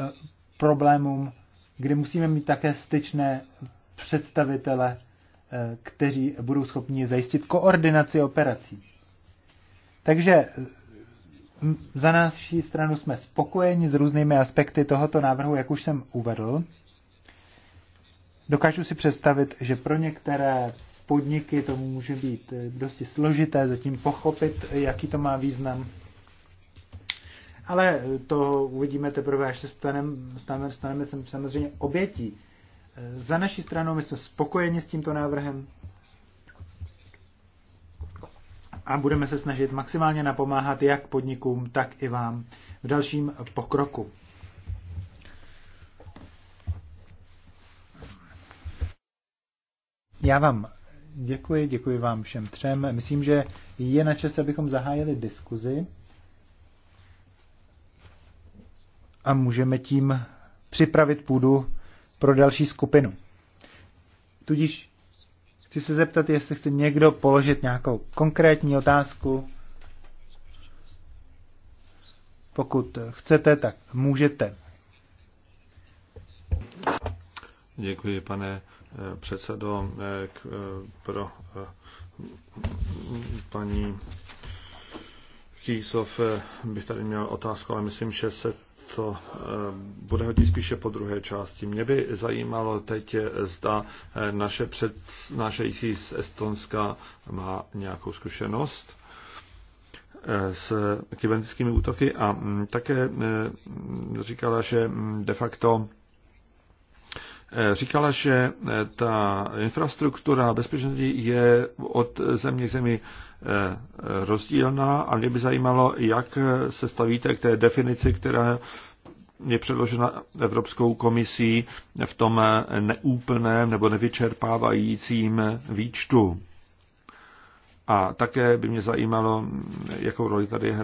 Speaker 3: eh, problémům, kdy musíme mít také styčné představitele, eh, kteří budou schopni zajistit koordinaci operací. Takže za naší stranu jsme spokojeni s různými aspekty tohoto návrhu, jak už jsem uvedl. Dokážu si představit, že pro některé podniky, to může být eh, dosti složité zatím pochopit, jaký to má význam. Ale eh, to uvidíme teprve, až se staneme, staneme, staneme samozřejmě obětí. Eh, za naší stranou my jsme spokojeni s tímto návrhem a budeme se snažit maximálně napomáhat jak podnikům, tak i vám v dalším pokroku. Já vám Děkuji, děkuji vám všem třem. Myslím, že je na čase, abychom zahájili diskuzi. A můžeme tím připravit půdu pro další skupinu. Tudíž chci se zeptat, jestli chce někdo položit nějakou konkrétní otázku. Pokud chcete, tak můžete.
Speaker 2: Děkuji, pane předsedo, eh, k, eh, pro eh, paní Kýsov bych tady měl otázku, ale myslím, že se to bude hodit spíše po druhé části. Mě by zajímalo teď, zda naše přednášející z Estonska má nějakou zkušenost s kybernetickými útoky a mm, také říkala, že mm, de facto Eh, říkala, že eh, ta infrastruktura bezpečnosti je od země k zemi eh, rozdílná a mě by zajímalo, jak se stavíte k té definici, která je předložena Evropskou komisí v tom neúplném nebo nevyčerpávajícím výčtu. A také by mě zajímalo, jakou roli tady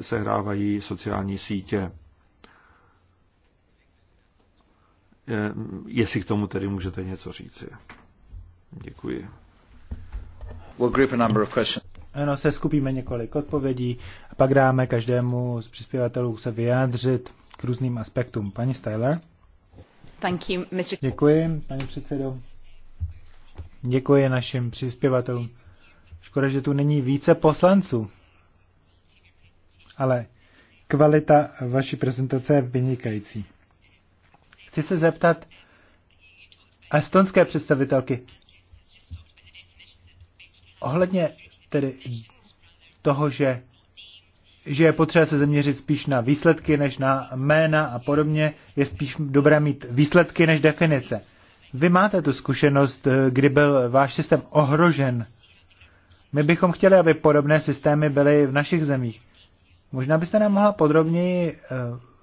Speaker 2: se hrávají sociální sítě. Eh, jestli k tomu tedy můžete něco říci. Děkuji. We'll group a number of questions.
Speaker 3: Ano, se skupíme několik odpovědí a pak dáme každému z přispěvatelů se vyjádřit k různým aspektům. Paní Styler.
Speaker 1: Thank you, Mr.
Speaker 3: Děkuji, paní předsedo. Děkuji našim přispěvatelům. Škoda, že tu není více poslanců. Ale kvalita vaší prezentace je vynikající. Chci se zeptat estonské představitelky ohledně tedy toho, že, že je potřeba se zaměřit spíš na výsledky než na jména a podobně, je spíš dobré mít výsledky než definice. Vy máte tu zkušenost, eh, kdy byl váš systém ohrožen. My bychom chtěli, aby podobné systémy byly v našich zemích. Možná byste nám mohla podrobněji eh,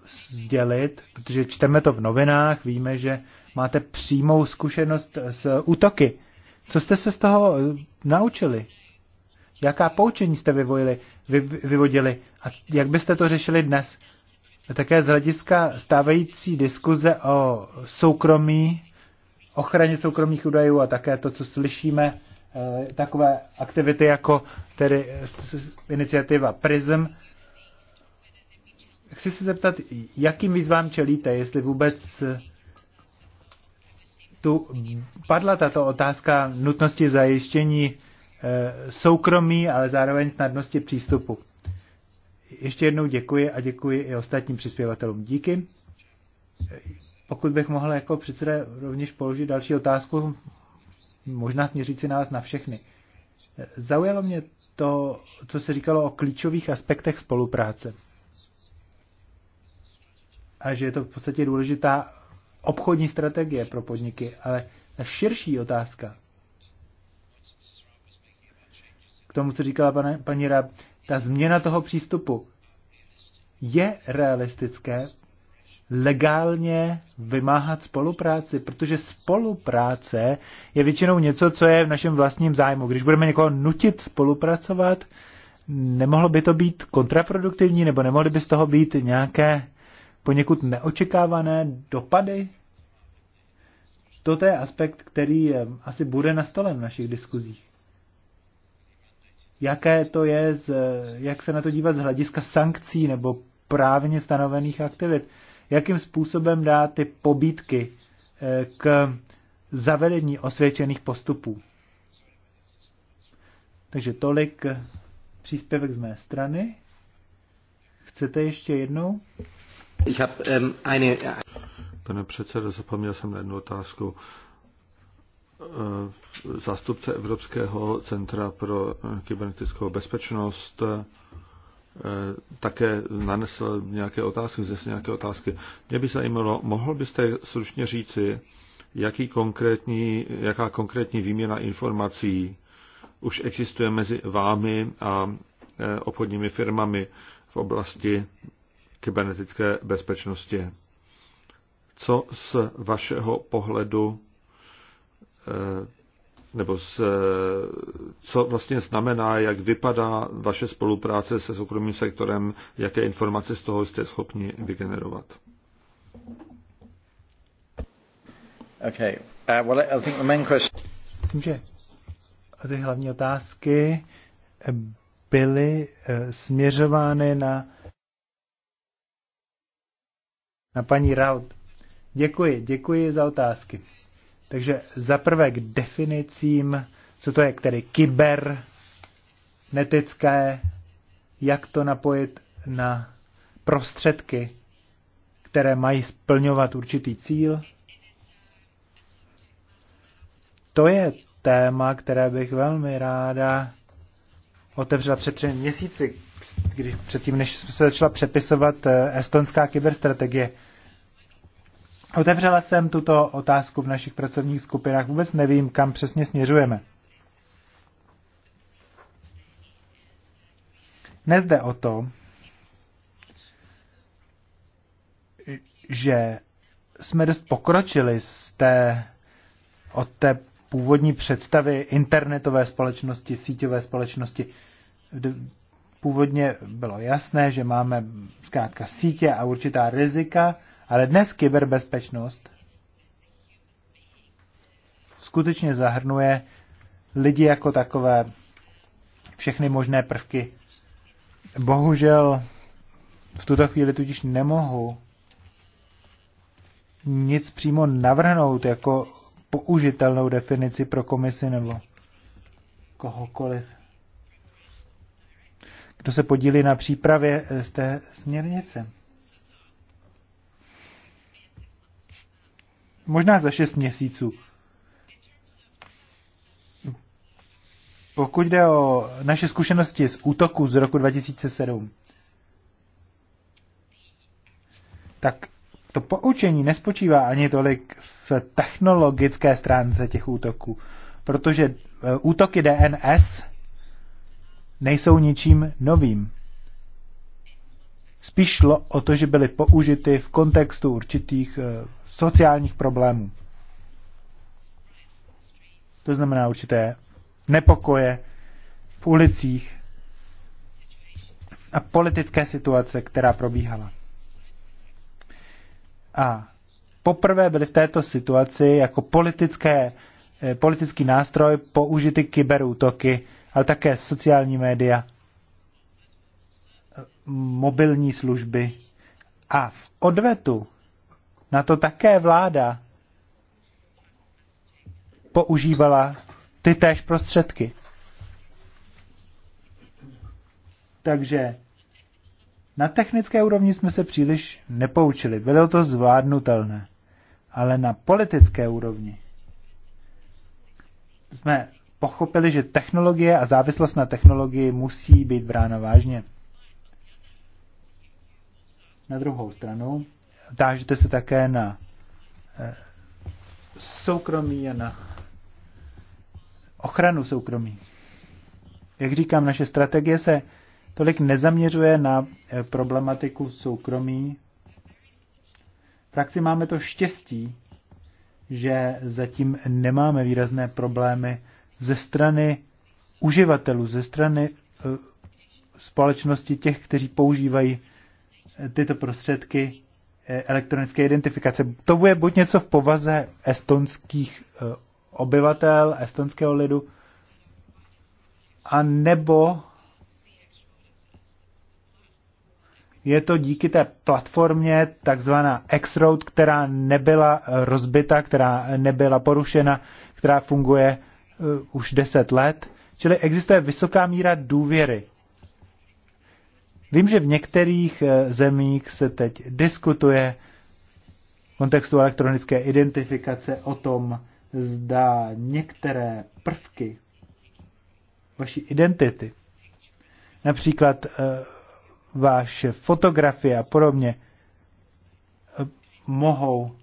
Speaker 3: sdělit, protože čteme to v novinách, víme, že máte přímou zkušenost s útoky. Co jste se z toho eh, naučili? Jaká poučení jste vyvojili, vy, vyvodili a jak byste to řešili dnes? A také z hlediska stávající diskuze o soukromí, ochraně soukromých údajů a také to, co slyšíme, eh, takové aktivity jako tedy iniciativa PRISM, chci se zeptat, jakým výzvám čelíte, jestli vůbec eh, tu padla tato otázka nutnosti zajištění eh, soukromí, ale zároveň snadnosti přístupu. Ještě jednou děkuji a děkuji i ostatním přispěvatelům. Díky. Pokud bych mohl jako předseda rovněž položit další otázku, možná směřit si nás na všechny. Zaujalo mě to, co se říkalo o klíčových aspektech spolupráce a že je to v podstatě důležitá obchodní strategie pro podniky, ale ta širší otázka k tomu, co říkala pane, paní Rab, ta změna toho přístupu je realistické legálně vymáhat spolupráci, protože spolupráce je většinou něco, co je v našem vlastním zájmu. Když budeme někoho nutit spolupracovat, nemohlo by to být kontraproduktivní, nebo nemohly by z toho být nějaké poněkud neočekávané dopady? To je aspekt, který eh, asi bude nastolen v našich diskuzích. Jaké to je, z, jak se na to dívat z hlediska sankcí nebo právně stanovených aktivit? Jakým způsobem dá ty pobídky eh, k zavedení osvědčených postupů? Takže tolik eh, příspěvek z mé strany. Chcete ještě jednou?
Speaker 2: Ähm, Pane předsedo, zapomněl jsem na jednu otázku. E, zástupce Evropského centra pro kybernetickou bezpečnost e, také nanesl nějaké otázky, zase nějaké otázky. Mě by zajímalo, mohl byste stručně říci, jaký konkrétní, jaká konkrétní výměna informací už existuje mezi vámi a e, obchodními firmami v oblasti kybernetické bezpečnosti. Co z vašeho pohledu eh, nebo z, co vlastně znamená, jak vypadá vaše spolupráce se soukromým sektorem, jaké informace z toho jste schopni vygenerovat? Okay. Uh, well, I think the main question...
Speaker 3: Myslím, že ty hlavní otázky eh, byly eh, směřovány na na paní Raut. Děkuji, děkuji za otázky. Takže zaprvé k definicím, co to je, který kyber, netické, jak to napojit na prostředky, které mají splňovat určitý cíl. To je téma, které bych velmi ráda otevřela před třemi měsíci, když předtím, než se začala přepisovat eh, estonská kyberstrategie. Otevřela jsem tuto otázku v našich pracovních skupinách. Vůbec nevím, kam přesně směřujeme. Nezde o to, že jsme dost pokročili z té, od té původní představy internetové společnosti, síťové společnosti původně bylo jasné, že máme zkrátka sítě a určitá rizika, ale dnes kyberbezpečnost skutečně zahrnuje lidi jako takové, všechny možné prvky. Bohužel v tuto chvíli tudíž nemohu nic přímo navrhnout jako použitelnou definici pro komisi nebo kohokoliv kdo se podílí na přípravě eh, z té směrnice. Možná za šest měsíců. Pokud jde o naše zkušenosti z útoku z roku 2007, tak to poučení nespočívá ani tolik v technologické stránce těch útoků, protože eh, útoky DNS nejsou ničím novým. Spíš šlo o to, že byly použity v kontextu určitých eh, sociálních problémů. To znamená určité nepokoje v ulicích a politické situace, která probíhala. A poprvé byly v této situaci jako politické, eh, politický nástroj použity kyberútoky ale také sociální média, mobilní služby. A v odvetu na to také vláda používala ty též prostředky. Takže na technické úrovni jsme se příliš nepoučili, bylo to zvládnutelné. Ale na politické úrovni jsme pochopili, že technologie a závislost na technologii musí být brána vážně. Na druhou stranu, tážete se také na eh, soukromí a na ochranu soukromí. Jak říkám, naše strategie se tolik nezaměřuje na eh, problematiku soukromí. V praxi máme to štěstí, že zatím nemáme výrazné problémy ze strany uživatelů, ze strany eh, společnosti těch, kteří používají eh, tyto prostředky eh, elektronické identifikace. To bude buď něco v povaze estonských obyvatel, estonského lidu, a nebo je to díky té platformě takzvaná X-Road, která nebyla rozbita, která nebyla porušena, která funguje Eh, už deset let, čili existuje vysoká míra důvěry. Vím, že v některých eh, zemích se teď diskutuje v kontextu elektronické identifikace o tom, zda některé prvky vaší identity, například eh, vaše fotografie a podobně, mohou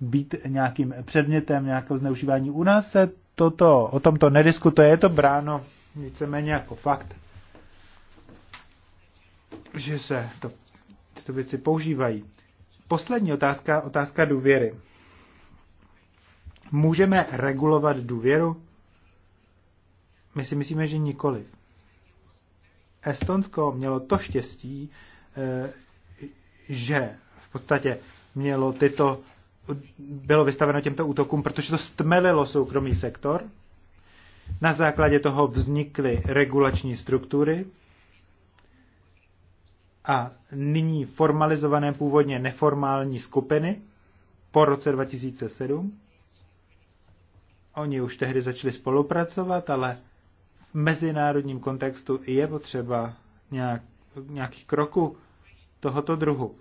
Speaker 3: být nějakým předmětem nějakého zneužívání. U nás se toto, o tomto nediskutuje, je to bráno víceméně jako fakt, že se to, tyto věci používají. Poslední otázka, otázka důvěry. Můžeme regulovat důvěru? My si myslíme, že nikoliv. Estonsko mělo to štěstí, eh, že v podstatě mělo tyto bylo vystaveno těmto útokům, protože to stmelilo soukromý sektor. Na základě toho vznikly regulační struktury a nyní formalizované původně neformální skupiny po roce 2007. Oni už tehdy začali spolupracovat, ale v mezinárodním kontextu je potřeba nějak, nějakých kroků tohoto druhu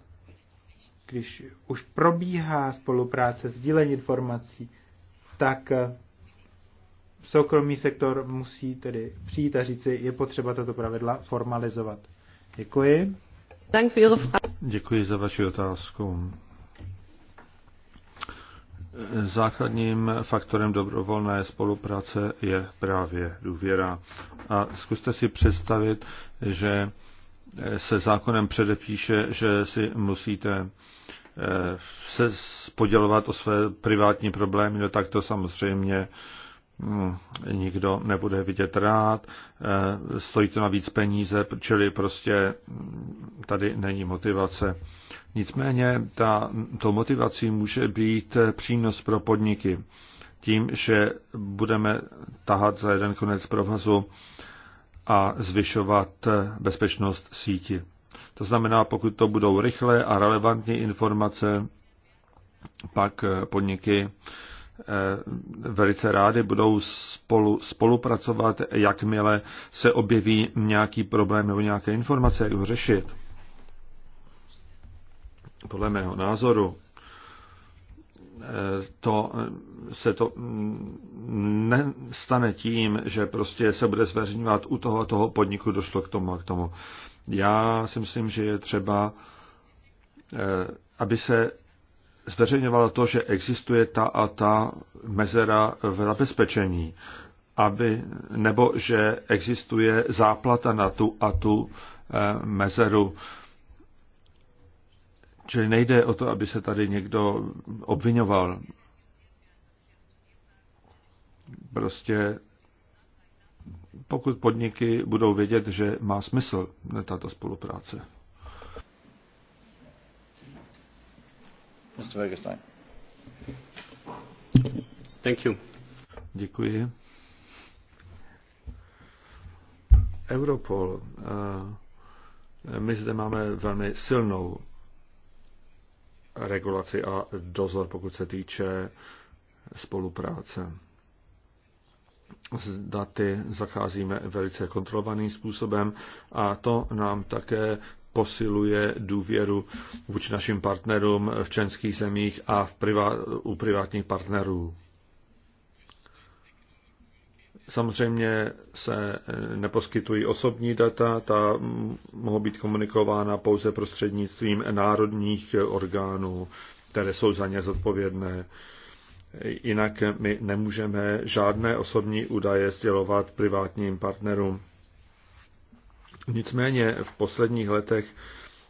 Speaker 3: když už probíhá spolupráce, sdílení informací, tak eh, soukromý sektor musí tedy přijít a říci, je potřeba tato pravidla formalizovat. Děkuji.
Speaker 2: Děkuji za vaši otázku. Základním faktorem dobrovolné spolupráce je právě důvěra. A zkuste si představit, že se zákonem předepíše, že si musíte eh, se podělovat o své privátní problémy, no tak to samozřejmě hm, nikdo nebude vidět rád, eh, stojí to navíc peníze, čili prostě hm, tady není motivace. Nicméně ta, to motivací může být eh, přínos pro podniky. Tím, že budeme tahat za jeden konec provazu, a zvyšovat bezpečnost síti. To znamená, pokud to budou rychlé a relevantní informace, pak podniky eh, velice rády budou spolu, spolupracovat, jakmile se objeví nějaký problém nebo nějaké informace, jak ho řešit. Podle mého názoru to se to mm, nestane tím, že prostě se bude zveřejňovat u toho a toho podniku došlo k tomu a k tomu. Já si myslím, že je třeba, eh, aby se zveřejňovalo to, že existuje ta a ta mezera v zabezpečení, aby, nebo že existuje záplata na tu a tu eh, mezeru Čili nejde o to, aby se tady někdo obvinoval. Prostě pokud podniky budou vědět, že má smysl tato spolupráce. Mr. Wegenstein. Thank you. Děkuji. Europol. Eh, my zde máme velmi silnou regulaci a dozor, pokud se týče spolupráce. S daty zacházíme velice kontrolovaným způsobem a to nám také posiluje důvěru vůči našim partnerům v členských zemích a v privát, u privátních partnerů. Samozřejmě se eh, neposkytují osobní data, ta mohou být komunikována pouze prostřednictvím národních orgánů, které jsou za ně zodpovědné. Jinak my nemůžeme žádné osobní údaje sdělovat privátním partnerům. Nicméně v posledních letech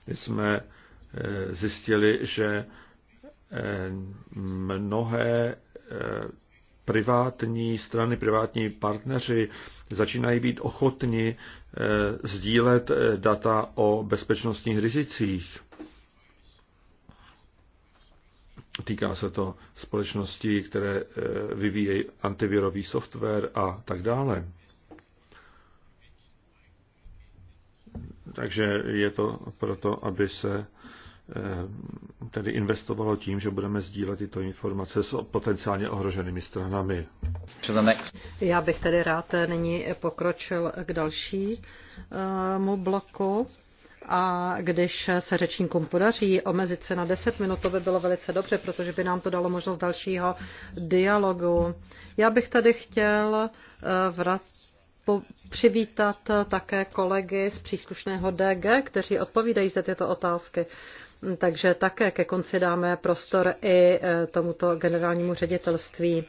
Speaker 2: jsme eh, zjistili, že eh, mnohé privátní strany, privátní partneři začínají být ochotni eh, sdílet eh, data o bezpečnostních rizicích. Týká se to společností, které eh, vyvíjejí antivirový software a tak dále. Takže je to proto, aby se Eh, tedy investovalo tím, že budeme sdílet tyto informace s potenciálně ohroženými stranami.
Speaker 1: Já bych tedy rád nyní pokročil k dalšímu bloku. A když se řečníkům podaří omezit se na 10 minut, to by bylo velice dobře, protože by nám to dalo možnost dalšího dialogu. Já bych tady chtěl eh, vrat, po, přivítat také kolegy z příslušného DG, kteří odpovídají za tyto otázky. Takže také ke konci dáme prostor i eh, tomuto generálnímu ředitelství.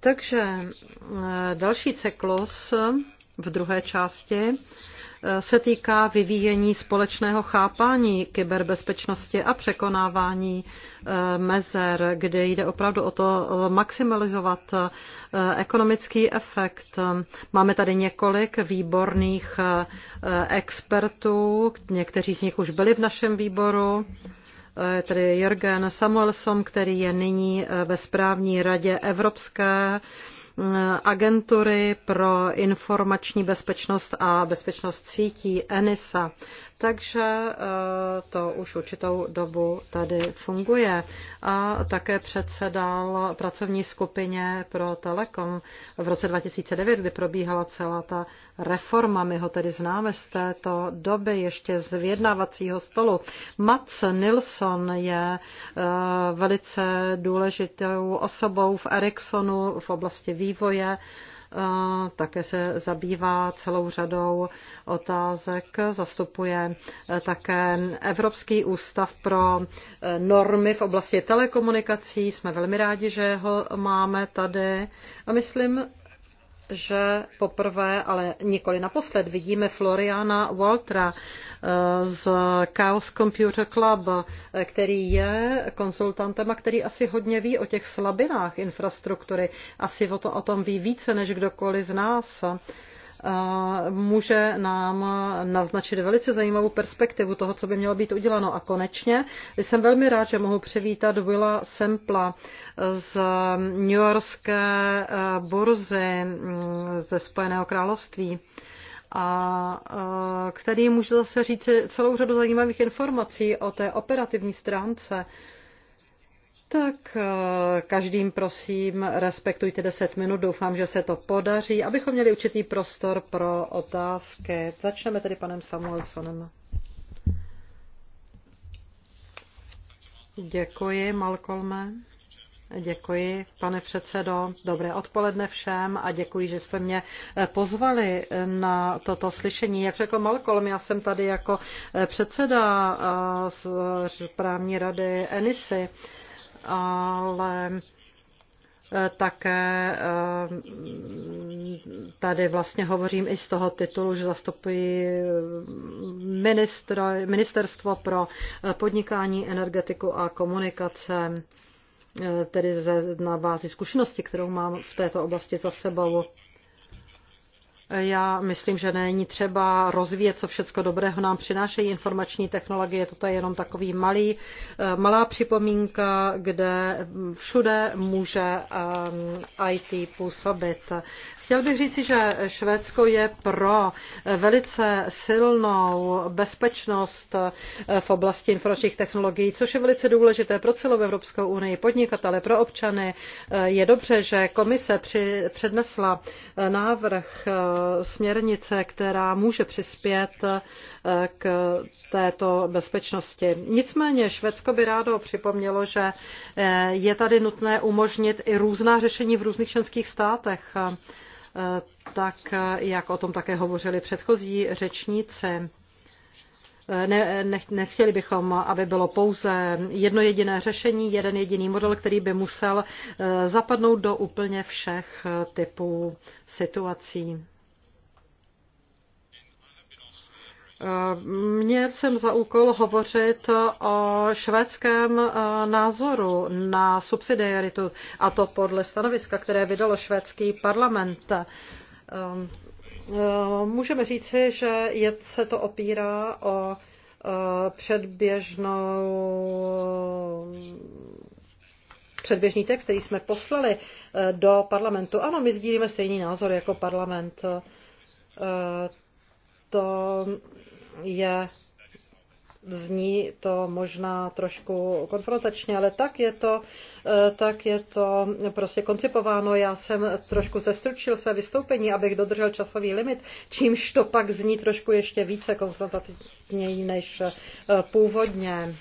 Speaker 1: Takže eh, další cyklus v druhé části Eh, se týká vyvíjení společného chápání kyberbezpečnosti a překonávání eh, mezer, kde jde opravdu o to eh, maximalizovat ekonomický efekt. Máme tady několik výborných expertů, někteří z nich už byli v našem výboru tedy Jürgen Samuelson, který je nyní ve správní radě Evropské agentury pro informační bezpečnost a bezpečnost sítí ENISA. Takže eh, to už určitou dobu tady funguje. A také předsedal pracovní skupině pro Telekom v roce 2009, kdy probíhala celá ta reforma. My ho tedy známe z této doby ještě z vyjednávacího stolu. Mats Nilsson je eh, velice důležitou osobou v Ericssonu v oblasti vývoje také se zabývá celou řadou otázek, zastupuje e, také Evropský ústav pro e, normy v oblasti telekomunikací. Jsme velmi rádi, že ho máme tady a myslím, že poprvé, ale nikoli naposled, vidíme Floriana Waltra eh, z Chaos Computer Club, eh, který je konsultantem a který asi hodně ví o těch slabinách infrastruktury. Asi o, to, o tom ví více než kdokoliv z nás může nám naznačit velice zajímavou perspektivu toho, co by mělo být uděláno. A konečně jsem velmi rád, že mohu přivítat Willa Sempla z New Yorkské eh, burzy mm, ze Spojeného království a eh, který může zase říct celou řadu zajímavých informací o té operativní stránce tak eh, každým prosím respektujte 10 minut, doufám, že se to podaří, abychom měli určitý prostor pro otázky. Začneme tedy panem Samuelsonem. Děkuji, Malcolme. Děkuji, pane předsedo. Dobré odpoledne všem a děkuji, že jste mě eh, pozvali eh, na toto slyšení. Jak řekl Malcolm, já jsem tady jako předseda z právní rady Enisy ale eh, také eh, tady vlastně hovořím i z toho titulu, že zastupuji eh, ministr, ministerstvo pro podnikání, energetiku a komunikace, tedy ze, na bázi zkušenosti, kterou mám v této oblasti za sebou. Já myslím, že není třeba rozvíjet, co všechno dobrého nám přinášejí informační technologie. Toto je jenom takový malý, eh, malá připomínka, kde všude může eh, IT působit. Chtěl bych říci, že Švédsko je pro velice silnou bezpečnost v oblasti informačních technologií, což je velice důležité pro celou Evropskou unii, podnikatele, pro občany. Je dobře, že komise při, přednesla návrh eh, směrnice, která může přispět eh, k této bezpečnosti. Nicméně Švédsko by rádo připomnělo, že eh, je tady nutné umožnit i různá řešení v různých členských státech. Eh, tak eh, jak o tom také hovořili předchozí řečníci. Eh, ne, ne, nechtěli bychom, aby bylo pouze jedno jediné řešení, jeden jediný model, který by musel zapadnout do úplně všech typů situací. Měl jsem za úkol hovořit o švédském eh, názoru na subsidiaritu, a to podle stanoviska, které vydalo švédský parlament. Eh, eh, můžeme říci, že je, se to opírá o předběžnou předběžný text, který jsme poslali do parlamentu. Ano, my sdílíme stejný názor jako parlament. To je zní to možná trošku konfrontačně, ale tak je to, eh, tak je to prostě koncipováno. Já jsem trošku zestručil své vystoupení, abych dodržel časový limit, čímž to pak zní trošku ještě více konfrontativněji než eh, původně.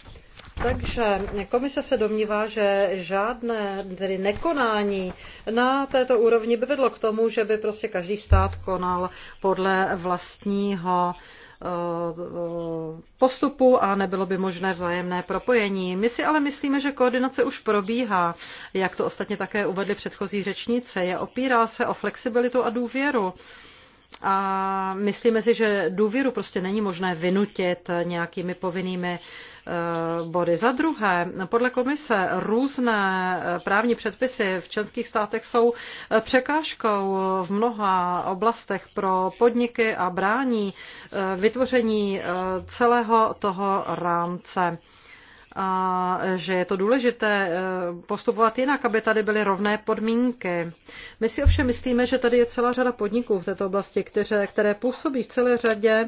Speaker 1: Takže komise se domnívá, že žádné tedy nekonání na této úrovni by vedlo k tomu, že by prostě každý stát konal podle vlastního Eh, postupu a nebylo by možné vzájemné propojení. My si ale myslíme, že koordinace už probíhá, jak to ostatně také uvedli předchozí řečníci. Je opírá se o flexibilitu a důvěru a myslíme si, že důvěru prostě není možné vynutit nějakými povinnými eh, body. Za druhé, podle komise různé eh, právní předpisy v členských státech jsou eh, překážkou v mnoha oblastech pro podniky a brání vytvoření celého toho rámce a že je to důležité eh, postupovat jinak, aby tady byly rovné podmínky. My si ovšem myslíme, že tady je celá řada podniků v této oblasti, které, které působí v celé řadě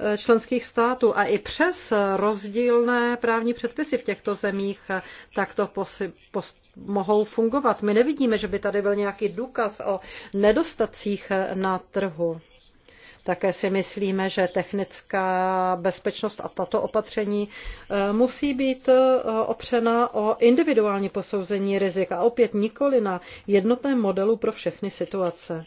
Speaker 1: eh, členských států a i přes rozdílné právní předpisy v těchto zemích eh, takto posy, post, mohou fungovat. My nevidíme, že by tady byl nějaký důkaz o nedostacích na trhu. Také si myslíme, že technická bezpečnost a tato opatření eh, musí být eh, opřena o individuální posouzení rizik a opět nikoli na jednotném modelu pro všechny situace.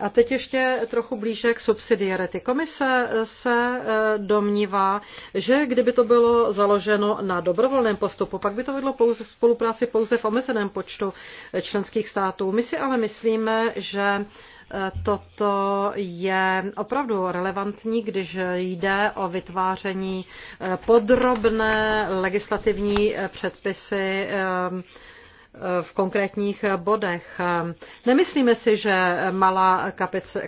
Speaker 1: A teď ještě trochu blíže k subsidiarity. Komise se eh, domnívá, že kdyby to bylo založeno na dobrovolném postupu, pak by to vedlo pouze spolupráci pouze v omezeném počtu eh, členských států. My si ale myslíme, že eh, toto je opravdu relevantní, když jde o vytváření podrobné legislativní předpisy v konkrétních bodech. Nemyslíme si, že malá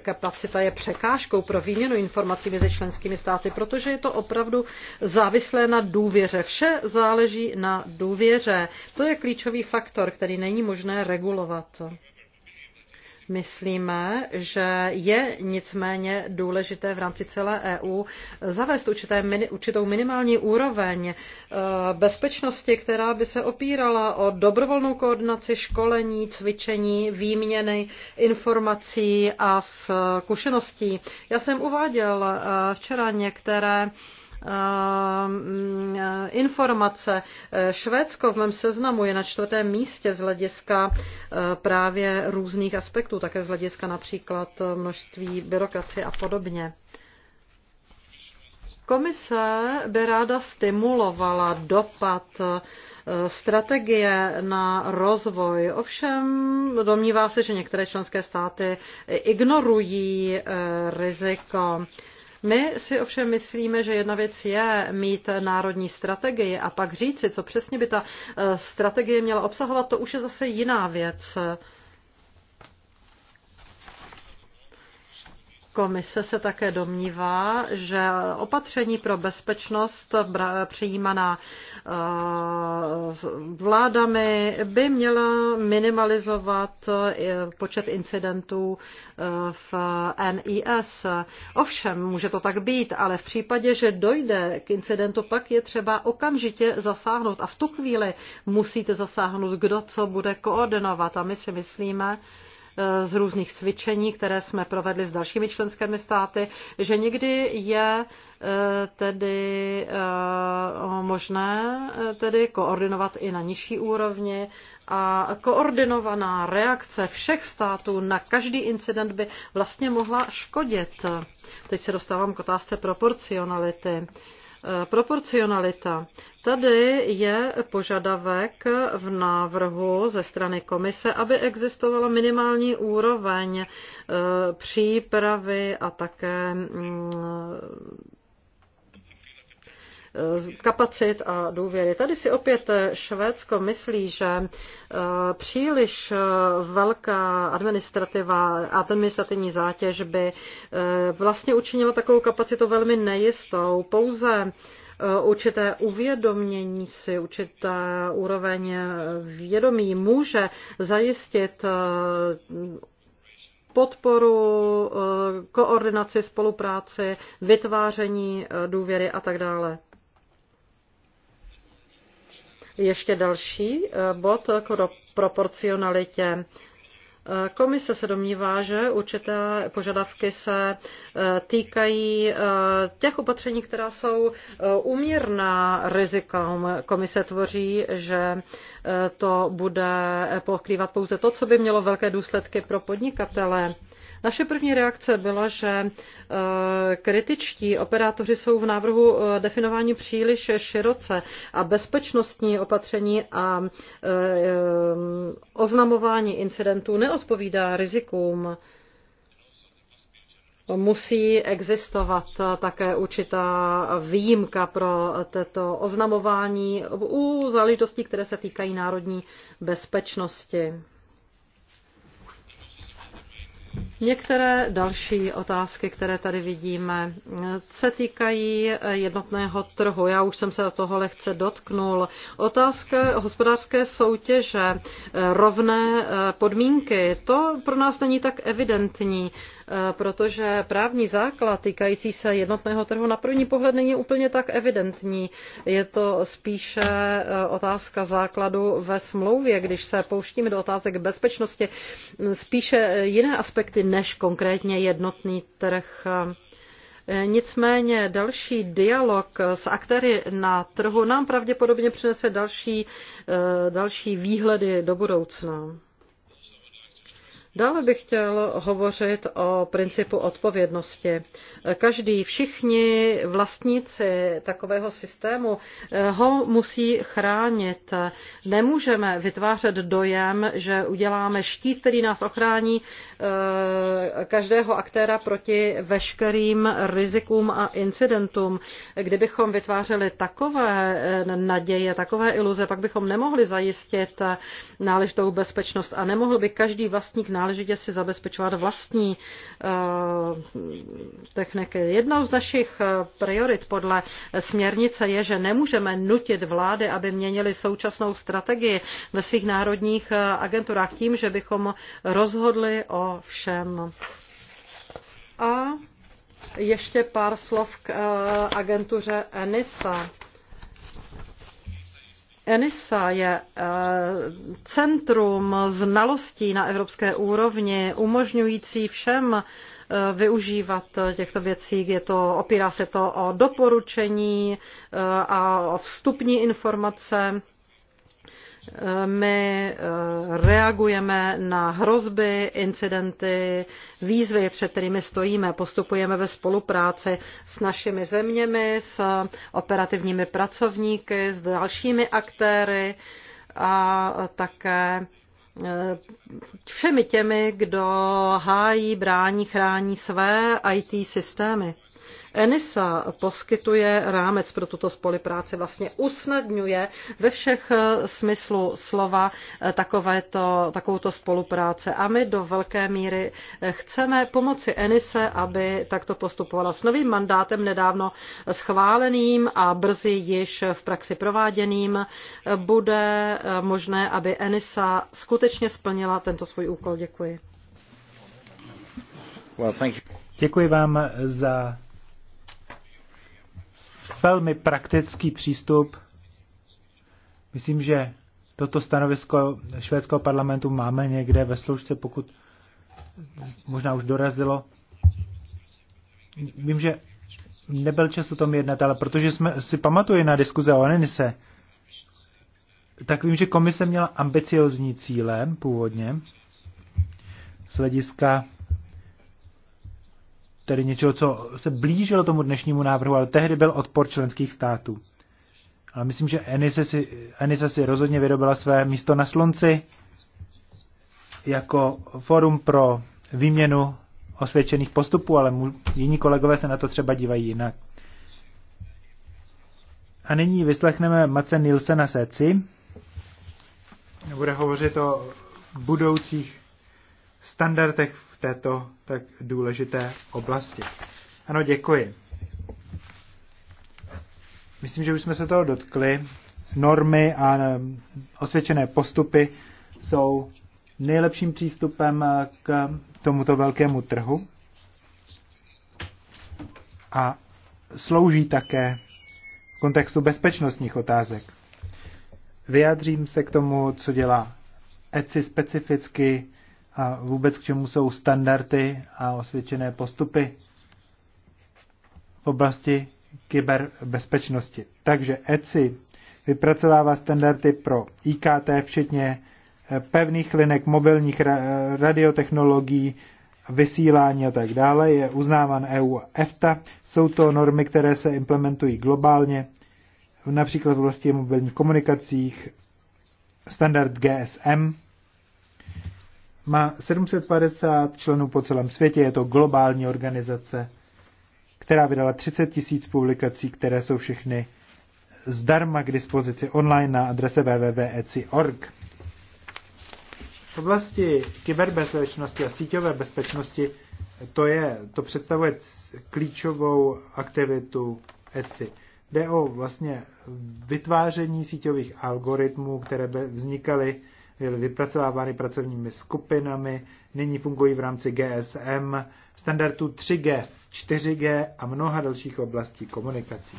Speaker 1: kapacita je překážkou pro výměnu informací mezi členskými státy, protože je to opravdu závislé na důvěře. Vše záleží na důvěře. To je klíčový faktor, který není možné regulovat. Myslíme, že je nicméně důležité v rámci celé EU zavést určité, určitou minimální úroveň eh, bezpečnosti, která by se opírala o dobrovolnou koordinaci školení, cvičení, výměny informací a eh, zkušeností. Já jsem uváděl eh, včera některé Eh, informace. Eh, Švédsko v mém seznamu je na čtvrtém místě z hlediska eh, právě různých aspektů, také z hlediska například množství byrokracie a podobně. Komise by ráda stimulovala dopad strategie na rozvoj. Ovšem domnívá se, že některé členské státy ignorují riziko my si ovšem myslíme, že jedna věc je mít národní strategii a pak říci, co přesně by ta eh, strategie měla obsahovat, to už je zase jiná věc. Komise se také domnívá, že opatření pro bezpečnost přijímaná eh, vládami by měla minimalizovat eh, počet incidentů eh, v NIS. Ovšem, může to tak být, ale v případě, že dojde k incidentu, pak je třeba okamžitě zasáhnout a v tu chvíli musíte zasáhnout, kdo co bude koordinovat. A my si myslíme, z různých cvičení, které jsme provedli s dalšími členskými státy, že někdy je eh, tedy eh, možné eh, tedy koordinovat i na nižší úrovni a koordinovaná reakce všech států na každý incident by vlastně mohla škodit. Teď se dostávám k otázce proporcionality. Proporcionalita. Tady je požadavek v návrhu ze strany komise, aby existovala minimální úroveň eh, přípravy a také mm, kapacit a důvěry. Tady si opět eh, Švédsko myslí, že eh, příliš eh, velká administrativa a administrativní zátěž by vlastně učinila takovou kapacitu velmi nejistou. Pouze určité uvědomění si, určitá úroveň vědomí může zajistit podporu, koordinaci, spolupráci, vytváření důvěry a tak dále. Ještě další eh, bod k proporcionalitě. Eh, komise se domnívá, že určité požadavky se eh, týkají těch opatření, která jsou uměrná rizikům. Komise tvoří, že to bude pokrývat pouze to, co by mělo velké důsledky pro podnikatele. Naše první reakce byla, že eh, kritičtí operátoři jsou v návrhu eh, definování příliš široce a bezpečnostní opatření a eh, oznamování incidentů neodpovídá rizikům musí existovat také určitá výjimka pro toto oznamování u záležitostí, které se týkají národní bezpečnosti. Některé další otázky, které tady vidíme, se týkají jednotného trhu. Já už jsem se toho lehce dotknul. Otázka hospodářské soutěže, rovné podmínky, to pro nás není tak evidentní. Eh, protože právní základ týkající se jednotného trhu na první pohled není úplně tak evidentní. Je to spíše eh, otázka základu ve smlouvě, když se pouštíme do otázek bezpečnosti, hm, spíše eh, jiné aspekty než konkrétně jednotný trh. Nicméně další dialog s aktéry na trhu nám pravděpodobně přinese další, další výhledy do budoucna. Dále bych chtěl hovořit o principu odpovědnosti. Každý, všichni vlastníci takového systému eh, ho musí chránit. Nemůžeme vytvářet dojem, že uděláme štít, který nás ochrání eh, každého aktéra proti veškerým rizikům a incidentům. Kdybychom vytvářeli takové eh, naděje, takové iluze, pak bychom nemohli zajistit náležitou bezpečnost a nemohl by každý vlastník náležitě náležitě si zabezpečovat vlastní eh, techniky. Jednou z našich eh, priorit podle směrnice je, že nemůžeme nutit vlády, aby měnili současnou strategii ve svých národních eh, agenturách tím, že bychom rozhodli o všem. A ještě pár slov k agentuře ENISA. ENISA je eh, centrum znalostí na evropské úrovni, umožňující všem eh, využívat těchto věcí. Je to, opírá se to o doporučení eh, a o vstupní informace my eh, reagujeme na hrozby, incidenty, výzvy, před kterými stojíme. Postupujeme ve spolupráci s našimi zeměmi, s operativními pracovníky, s dalšími aktéry a také eh, všemi těmi, kdo hájí, brání, chrání své IT systémy. ENISA poskytuje rámec pro tuto spolupráci, vlastně usnadňuje ve všech eh, smyslu slova eh, takovéto, takovouto spolupráce. A my do velké míry eh, chceme pomoci ENISE, aby takto postupovala s novým mandátem nedávno schváleným a brzy již v praxi prováděným. Bude možné, aby ENISA skutečně splnila tento svůj úkol. Děkuji.
Speaker 3: Děkuji vám za velmi praktický přístup. Myslím, že toto stanovisko švédského parlamentu máme někde ve služce, pokud možná už dorazilo. Vím, že nebyl čas o tom jednat, ale protože jsme, si pamatuji na diskuze o Anise, tak vím, že komise měla ambiciozní cíle původně z hlediska tedy něčeho, co se blížilo tomu dnešnímu návrhu, ale tehdy byl odpor členských států. Ale myslím, že Enise si, Enise si rozhodně vyrobila své místo na slunci jako forum pro výměnu osvědčených postupů, ale mu, jiní kolegové se na to třeba dívají jinak. A nyní vyslechneme Mace Nilsena Seci. Bude hovořit o budoucích standardech této tak důležité oblasti. Ano, děkuji. Myslím, že už jsme se toho dotkli. Normy a e, osvědčené postupy jsou nejlepším přístupem e, k tomuto velkému trhu a slouží také v kontextu bezpečnostních otázek. Vyjádřím se k tomu, co dělá ECI specificky a vůbec k čemu jsou standardy a osvědčené postupy v oblasti kyberbezpečnosti. Takže ECI vypracovává standardy pro IKT, včetně eh, pevných linek, mobilních radiotechnologií, vysílání a tak dále, je uznáván EU a EFTA. Jsou to normy, které se implementují globálně, například v oblasti mobilních komunikacích, standard GSM, má 750 členů po celém světě, je to globální organizace, která vydala 30 tisíc publikací, které jsou všechny zdarma k dispozici online na adrese www.eci.org. V oblasti kyberbezpečnosti a síťové bezpečnosti to, je, to představuje klíčovou aktivitu ECI. Jde o vlastně vytváření síťových algoritmů, které by vznikaly byly vypracovávány pracovními skupinami, nyní fungují v rámci GSM, standardů 3G, 4G a mnoha dalších oblastí komunikací.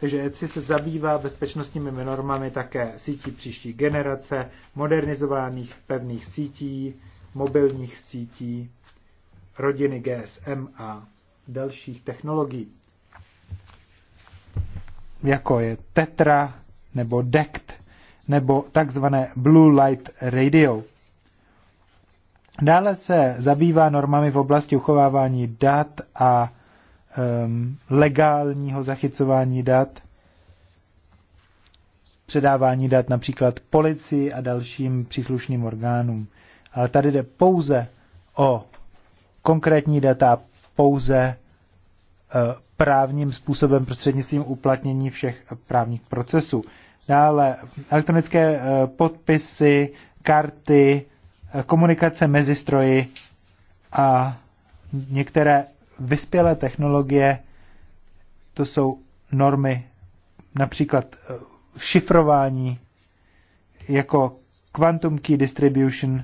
Speaker 3: Takže ECI se zabývá bezpečnostními normami také sítí příští generace, modernizovaných pevných sítí, mobilních sítí, rodiny GSM a dalších technologií. Jako je Tetra nebo DECT nebo takzvané Blue Light Radio. Dále se zabývá normami v oblasti uchovávání dat a um, legálního zachycování dat, předávání dat například policii a dalším příslušným orgánům. Ale tady jde pouze o konkrétní data, pouze eh, právním způsobem prostřednictvím uplatnění všech právních procesů. Dále elektronické eh, podpisy, karty, eh, komunikace mezi stroji a některé vyspělé technologie, to jsou normy, například eh, šifrování, jako Quantum Key Distribution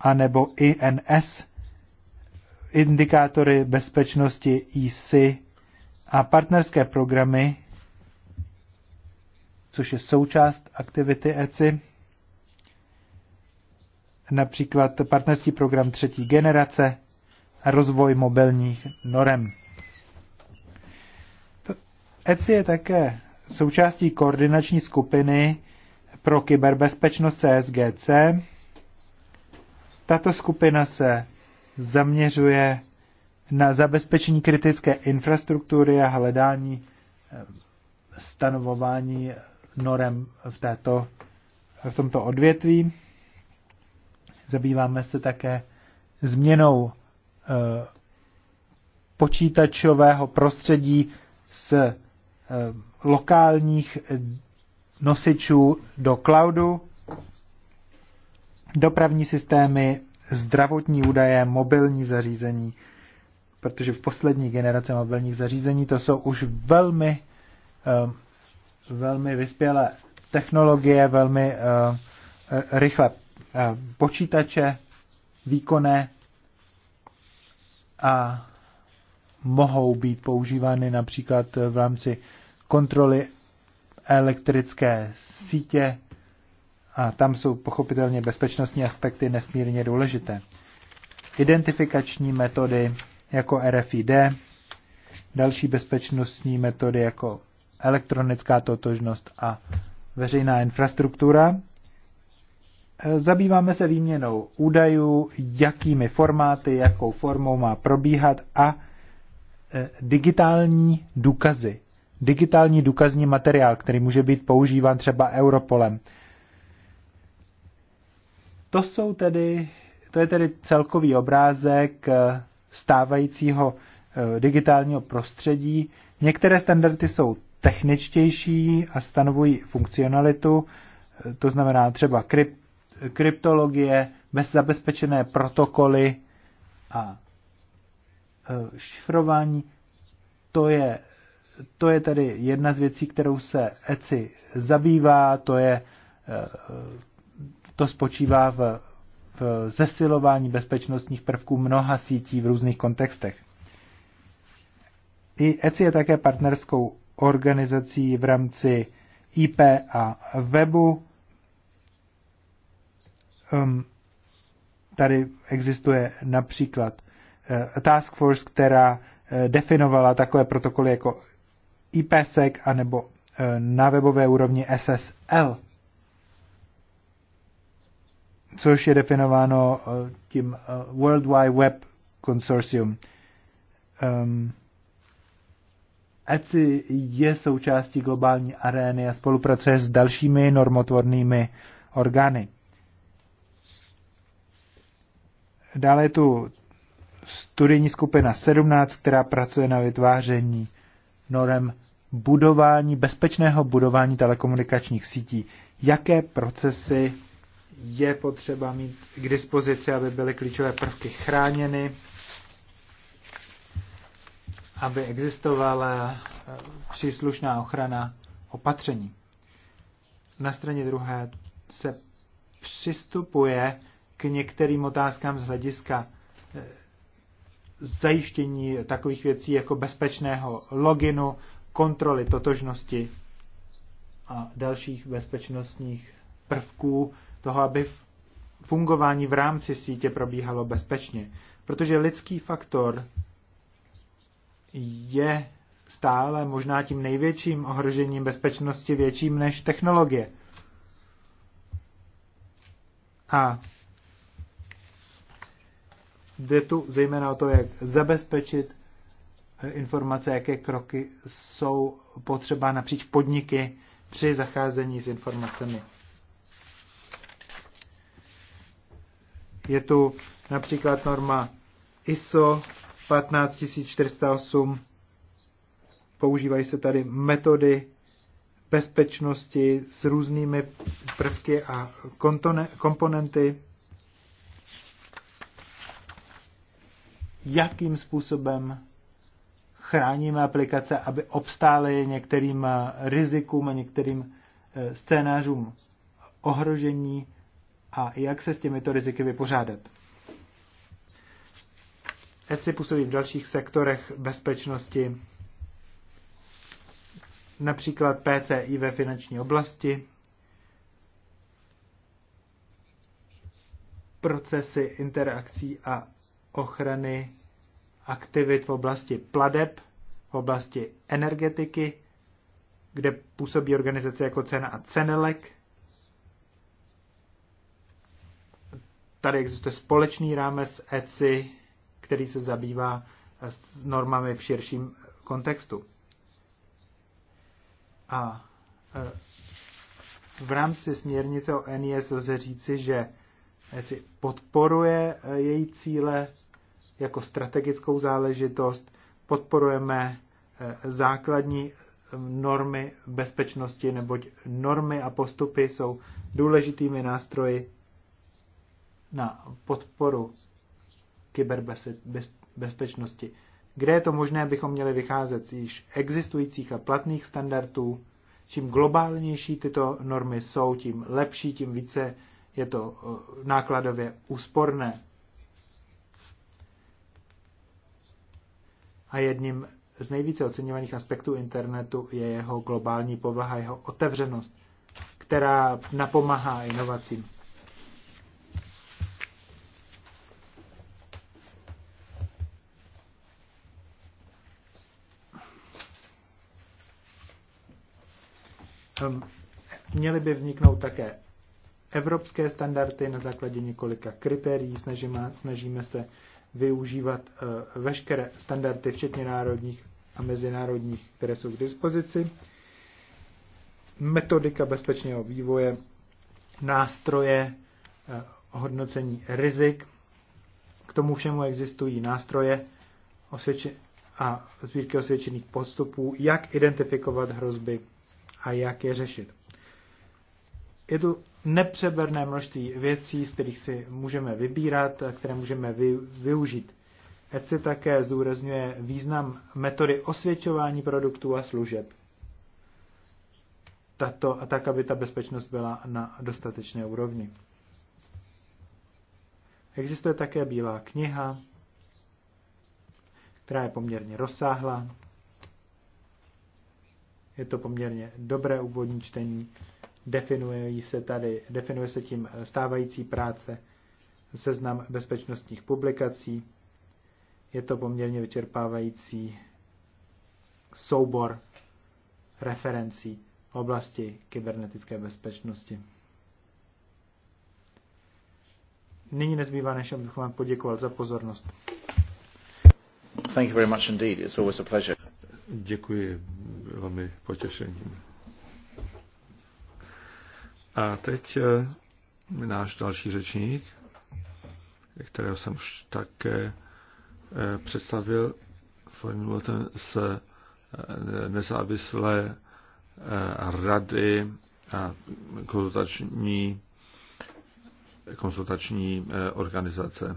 Speaker 3: anebo INS, indikátory bezpečnosti EC a partnerské programy, což je součást aktivity ECI, například partnerský program třetí generace a rozvoj mobilních norem. ECI je také součástí koordinační skupiny pro kyberbezpečnost CSGC. Tato skupina se zaměřuje na zabezpečení kritické infrastruktury a hledání eh, stanovování eh, norem v, této, v tomto odvětví. Zabýváme se také změnou eh, počítačového prostředí z eh, lokálních nosičů do cloudu, dopravní systémy, zdravotní údaje, mobilní zařízení, protože v poslední generaci mobilních zařízení to jsou už velmi eh, velmi vyspělé technologie, velmi uh, eh, eh, rychle uh, počítače, výkonné a mohou být používány například v rámci kontroly elektrické sítě a tam jsou pochopitelně bezpečnostní aspekty nesmírně důležité. Identifikační metody jako RFID, další bezpečnostní metody jako elektronická totožnost a veřejná infrastruktura. E, zabýváme se výměnou údajů, jakými formáty, jakou formou má probíhat a e, digitální důkazy. Digitální důkazní materiál, který může být používán třeba Europolem. To, jsou tedy, to je tedy celkový obrázek e, stávajícího digitálního prostředí. Některé standardy jsou techničtější a stanovují funkcionalitu, to znamená třeba krypt, kryptologie, bez zabezpečené protokoly a e, šifrování. To je, to je tedy jedna z věcí, kterou se ECI zabývá, to je e, to spočívá v, v zesilování bezpečnostních prvků mnoha sítí v různých kontextech. I ECI je také partnerskou organizací v rámci IP a webu. tady existuje například eh, Task Force, která eh, definovala takové protokoly jako IPsec anebo nebo eh, na webové úrovni SSL, což je definováno tím World Wide Web Consortium. Um, ECI je součástí globální arény a spolupracuje s dalšími normotvornými orgány. Dále je tu studijní skupina 17, která pracuje na vytváření norem budování, bezpečného budování telekomunikačních sítí. Jaké procesy je potřeba mít k dispozici, aby byly klíčové prvky chráněny aby existovala eh, příslušná ochrana opatření. Na straně druhé se přistupuje k některým otázkám z hlediska eh, zajištění takových věcí jako bezpečného loginu, kontroly totožnosti a dalších bezpečnostních prvků toho, aby fungování v rámci sítě probíhalo bezpečně. Protože lidský faktor je stále možná tím největším ohrožením bezpečnosti větším než technologie. A jde tu zejména o to, jak zabezpečit eh, informace, jaké kroky jsou potřeba napříč podniky při zacházení s informacemi. Je tu například norma ISO 15408. Používají se tady metody bezpečnosti s různými prvky a komponenty. Jakým způsobem chráníme aplikace, aby obstály některým rizikům a některým eh, scénářům ohrožení a jak se s těmito riziky vypořádat. ECI působí v dalších sektorech bezpečnosti, například PCI ve finanční oblasti, procesy interakcí a ochrany aktivit v oblasti pladeb, v oblasti energetiky, kde působí organizace jako Cena a Cenelek. Tady existuje společný rámec ECI který se zabývá eh, s normami v širším kontextu. A eh, v rámci směrnice o NIS lze říci, že eh, podporuje její cíle jako strategickou záležitost, podporujeme základní normy bezpečnosti, neboť normy a postupy jsou důležitými nástroji na podporu kyberbezpečnosti. Kde je to možné, bychom měli vycházet z již existujících a platných standardů. Čím globálnější tyto normy jsou, tím lepší, tím více je to eh, nákladově úsporné. A jedním z nejvíce oceňovaných aspektů internetu je jeho globální povaha, jeho otevřenost, která napomáhá inovacím. Ehm, měly by vzniknout také evropské standardy na základě několika kritérií. Snažíme, snažíme se využívat eh, veškeré standardy, včetně národních a mezinárodních, které jsou k dispozici. Metodika bezpečného vývoje, nástroje eh, hodnocení rizik. K tomu všemu existují nástroje a sbírky osvědčených postupů, jak identifikovat hrozby a jak je řešit. Je tu nepřeberné množství věcí, z kterých si můžeme vybírat, a které můžeme vy, využít. se také zdůrazňuje význam metody osvědčování produktů a služeb. Tato, a tak, aby ta bezpečnost byla na dostatečné úrovni. Existuje také bílá kniha, která je poměrně rozsáhlá, je to poměrně dobré úvodní čtení. Definuje se tady, definuje se tím stávající práce, seznam bezpečnostních publikací. Je to poměrně vyčerpávající soubor referencí oblasti kybernetické bezpečnosti. Nyní nezbývá, než abych vám poděkoval za pozornost.
Speaker 2: Thank you very much indeed. It's always a pleasure. Děkuji, velmi potěšením. A teď eh, náš další řečník, kterého jsem už také eh, představil, ten z eh, nezávislé rady a konzultační, konzultační organizace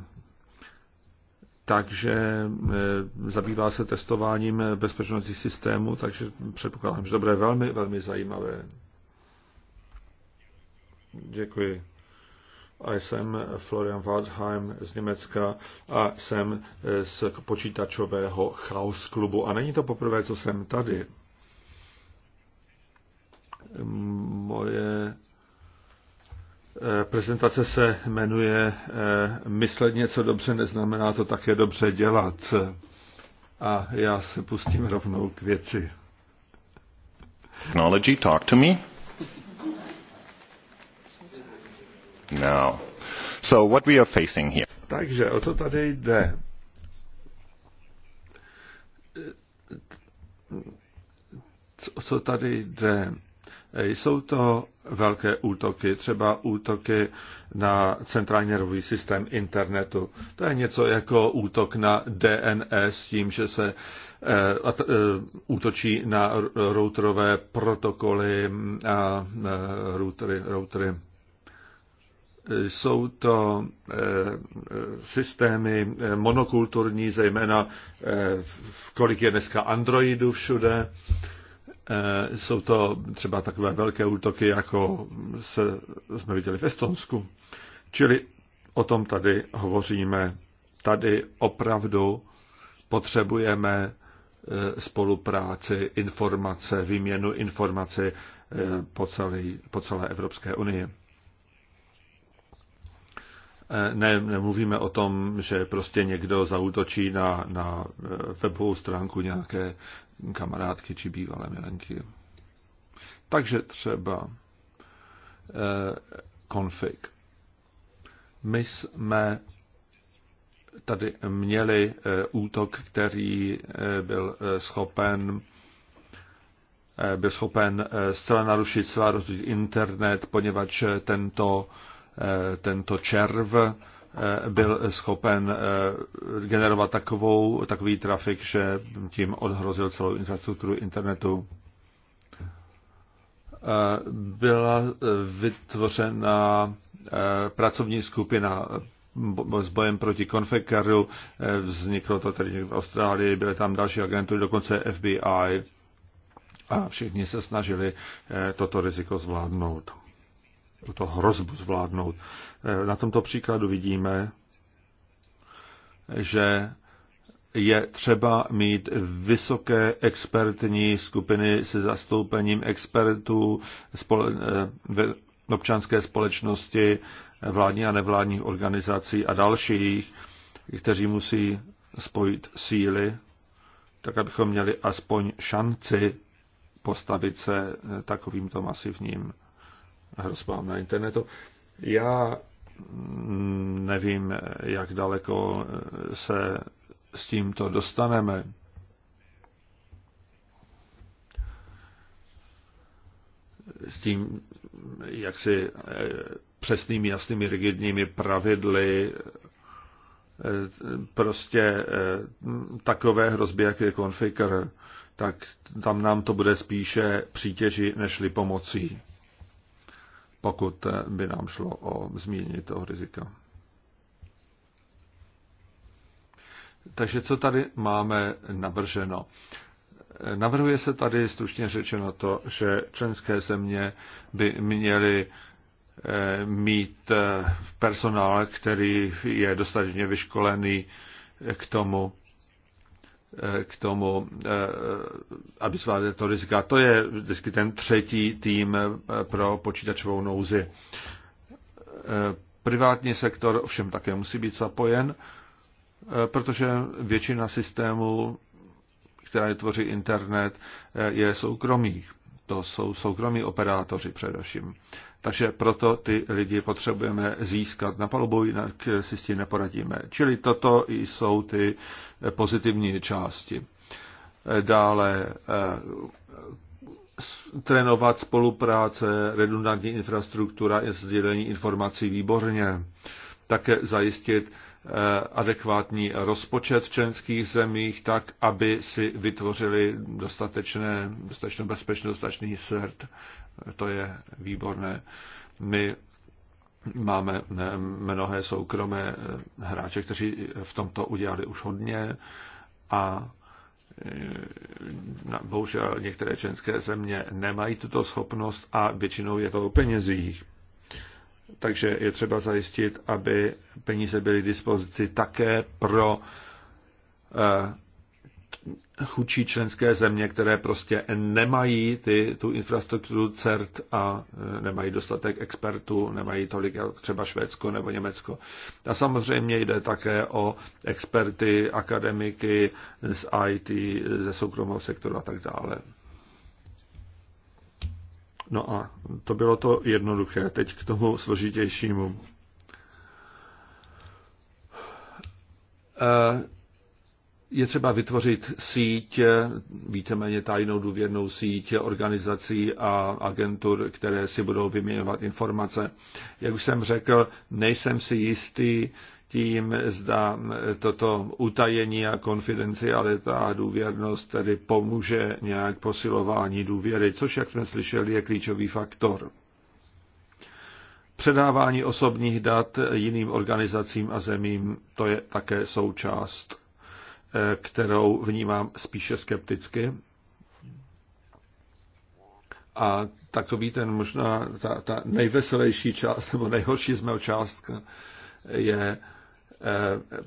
Speaker 2: takže eh, zabývá se testováním bezpečnostních systémů, takže předpokládám, že to bude velmi, velmi zajímavé. Děkuji. A jsem Florian Waldheim z Německa a jsem eh, z počítačového Chaos klubu. A není to poprvé, co jsem tady. Moje Eh, prezentace se jmenuje eh, Myslet něco dobře neznamená to také dobře dělat. A já se pustím rovnou k věci.
Speaker 3: Technology, talk to me. No. So what we are facing here.
Speaker 2: Takže o co tady jde? Eh, o co tady jde? Jsou to velké útoky, třeba útoky na centrální nervový systém internetu. To je něco jako útok na DNS tím, že se eh, eh, útočí na routerové protokoly a eh, routery. routery. Jsou to systémy monokulturní, zejména kolik je dneska Androidů všude Eh, jsou to třeba takové velké útoky, jako se, jsme viděli v Estonsku. Čili o tom tady hovoříme. Tady opravdu potřebujeme eh, spolupráci, informace, výměnu informací eh, po, celý, po celé Evropské unii. Eh, ne, nemluvíme o tom, že prostě někdo zautočí na, na eh, webovou stránku nějaké kamarádky či bývalé milenky. Takže třeba eh, config. My jsme tady měli útok, který byl schopen byl schopen zcela narušit zcela rozdělit internet, poněvadž tento Eh, tento červ eh, byl schopen eh, generovat takovou, takový trafik, že tím odhrozil celou infrastrukturu internetu. Byla vytvořena pracovní skupina s bojem proti konfekaru, vzniklo to tedy v Austrálii, byly tam další agentury, dokonce FBI a všichni se snažili toto riziko zvládnout tuto hrozbu zvládnout. Eh, na tomto příkladu vidíme, že je třeba mít vysoké expertní skupiny se zastoupením expertů spole, eh, občanské společnosti, vládní a nevládních organizací a dalších, kteří musí spojit síly, tak abychom měli aspoň šanci postavit se eh, takovýmto masivním hrozbám na internetu. Já mm, nevím, jak daleko eh, se s tímto dostaneme. S tím, jak si eh, přesnými, jasnými, rigidními pravidly eh, prostě takové hrozby, jak je konfigur, tak tam nám to bude spíše přítěži nežli pomocí pokud by nám šlo o zmínění toho rizika. Takže co tady máme navrženo? Navrhuje se tady stručně řečeno to, že členské země by měly eh, mít eh, personál, který je dostatečně vyškolený eh, k tomu, Eh, k tomu, eh, aby zvládli to rizika. To je vždycky ten třetí tým eh, pro počítačovou nouzi. Privátní sektor ovšem také musí být zapojen, protože většina systémů, která je tvoří internet, je soukromých to jsou soukromí operátoři především. Takže proto ty lidi potřebujeme získat na palubu, jinak si s tím neporadíme. Čili toto jsou ty pozitivní části. Dále eh, trénovat spolupráce, redundantní infrastruktura, sdělení informací výborně. Také zajistit Eh, adekvátní rozpočet v členských zemích tak, aby si vytvořili dostatečné, dostatečnou bezpečnost, dostatečný srd. To je výborné. My máme eh, mnohé soukromé eh, hráče, kteří v tomto udělali už hodně a bohužel některé členské země nemají tuto schopnost a většinou je to o penězích takže je třeba zajistit, aby peníze byly k dispozici také pro eh, chudší členské země, které prostě nemají ty, tu infrastrukturu CERT a eh, nemají dostatek expertů, nemají tolik jak třeba Švédsko nebo Německo. A samozřejmě jde také o experty, akademiky z IT, ze soukromého sektoru a tak dále. No a to bylo to jednoduché. Teď k tomu složitějšímu. Eh, je třeba vytvořit síť, víceméně tajnou důvěrnou síť organizací a agentur, které si budou vyměňovat informace. Jak už jsem řekl, nejsem si jistý, tím, zda toto utajení a konfidencialita a důvěrnost tedy pomůže nějak posilování důvěry, což, jak jsme slyšeli, je klíčový faktor. Předávání osobních dat jiným organizacím a zemím, to je také součást, eh, kterou vnímám spíše skepticky. A takový ten možná ta, ta nejveselější část, nebo nejhorší z mého částka, je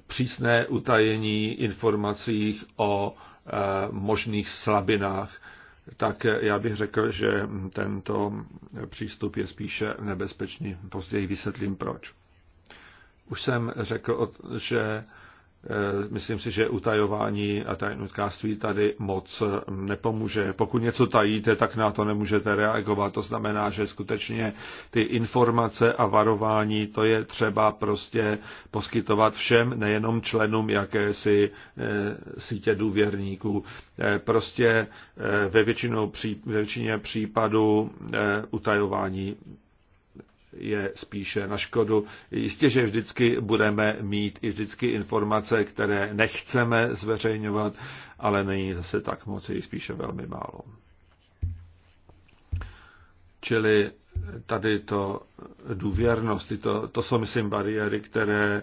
Speaker 2: přísné utajení informací o eh, možných slabinách, tak já bych řekl, že tento přístup je spíše nebezpečný. Později vysvětlím proč. Už jsem řekl, že Eh, myslím si, že utajování a tajnutkářství tady moc nepomůže. Pokud něco tajíte, tak na to nemůžete reagovat. To znamená, že skutečně ty informace a varování, to je třeba prostě poskytovat všem, nejenom členům jakési eh, sítě důvěrníků. Eh, prostě ve, většinou, ve většině případů utajování je spíše na škodu. Jistě, že vždycky budeme mít i vždycky informace, které nechceme zveřejňovat, ale není zase tak moc, je spíše velmi málo. Čili tady to důvěrnost, to, to jsou, myslím, bariéry, které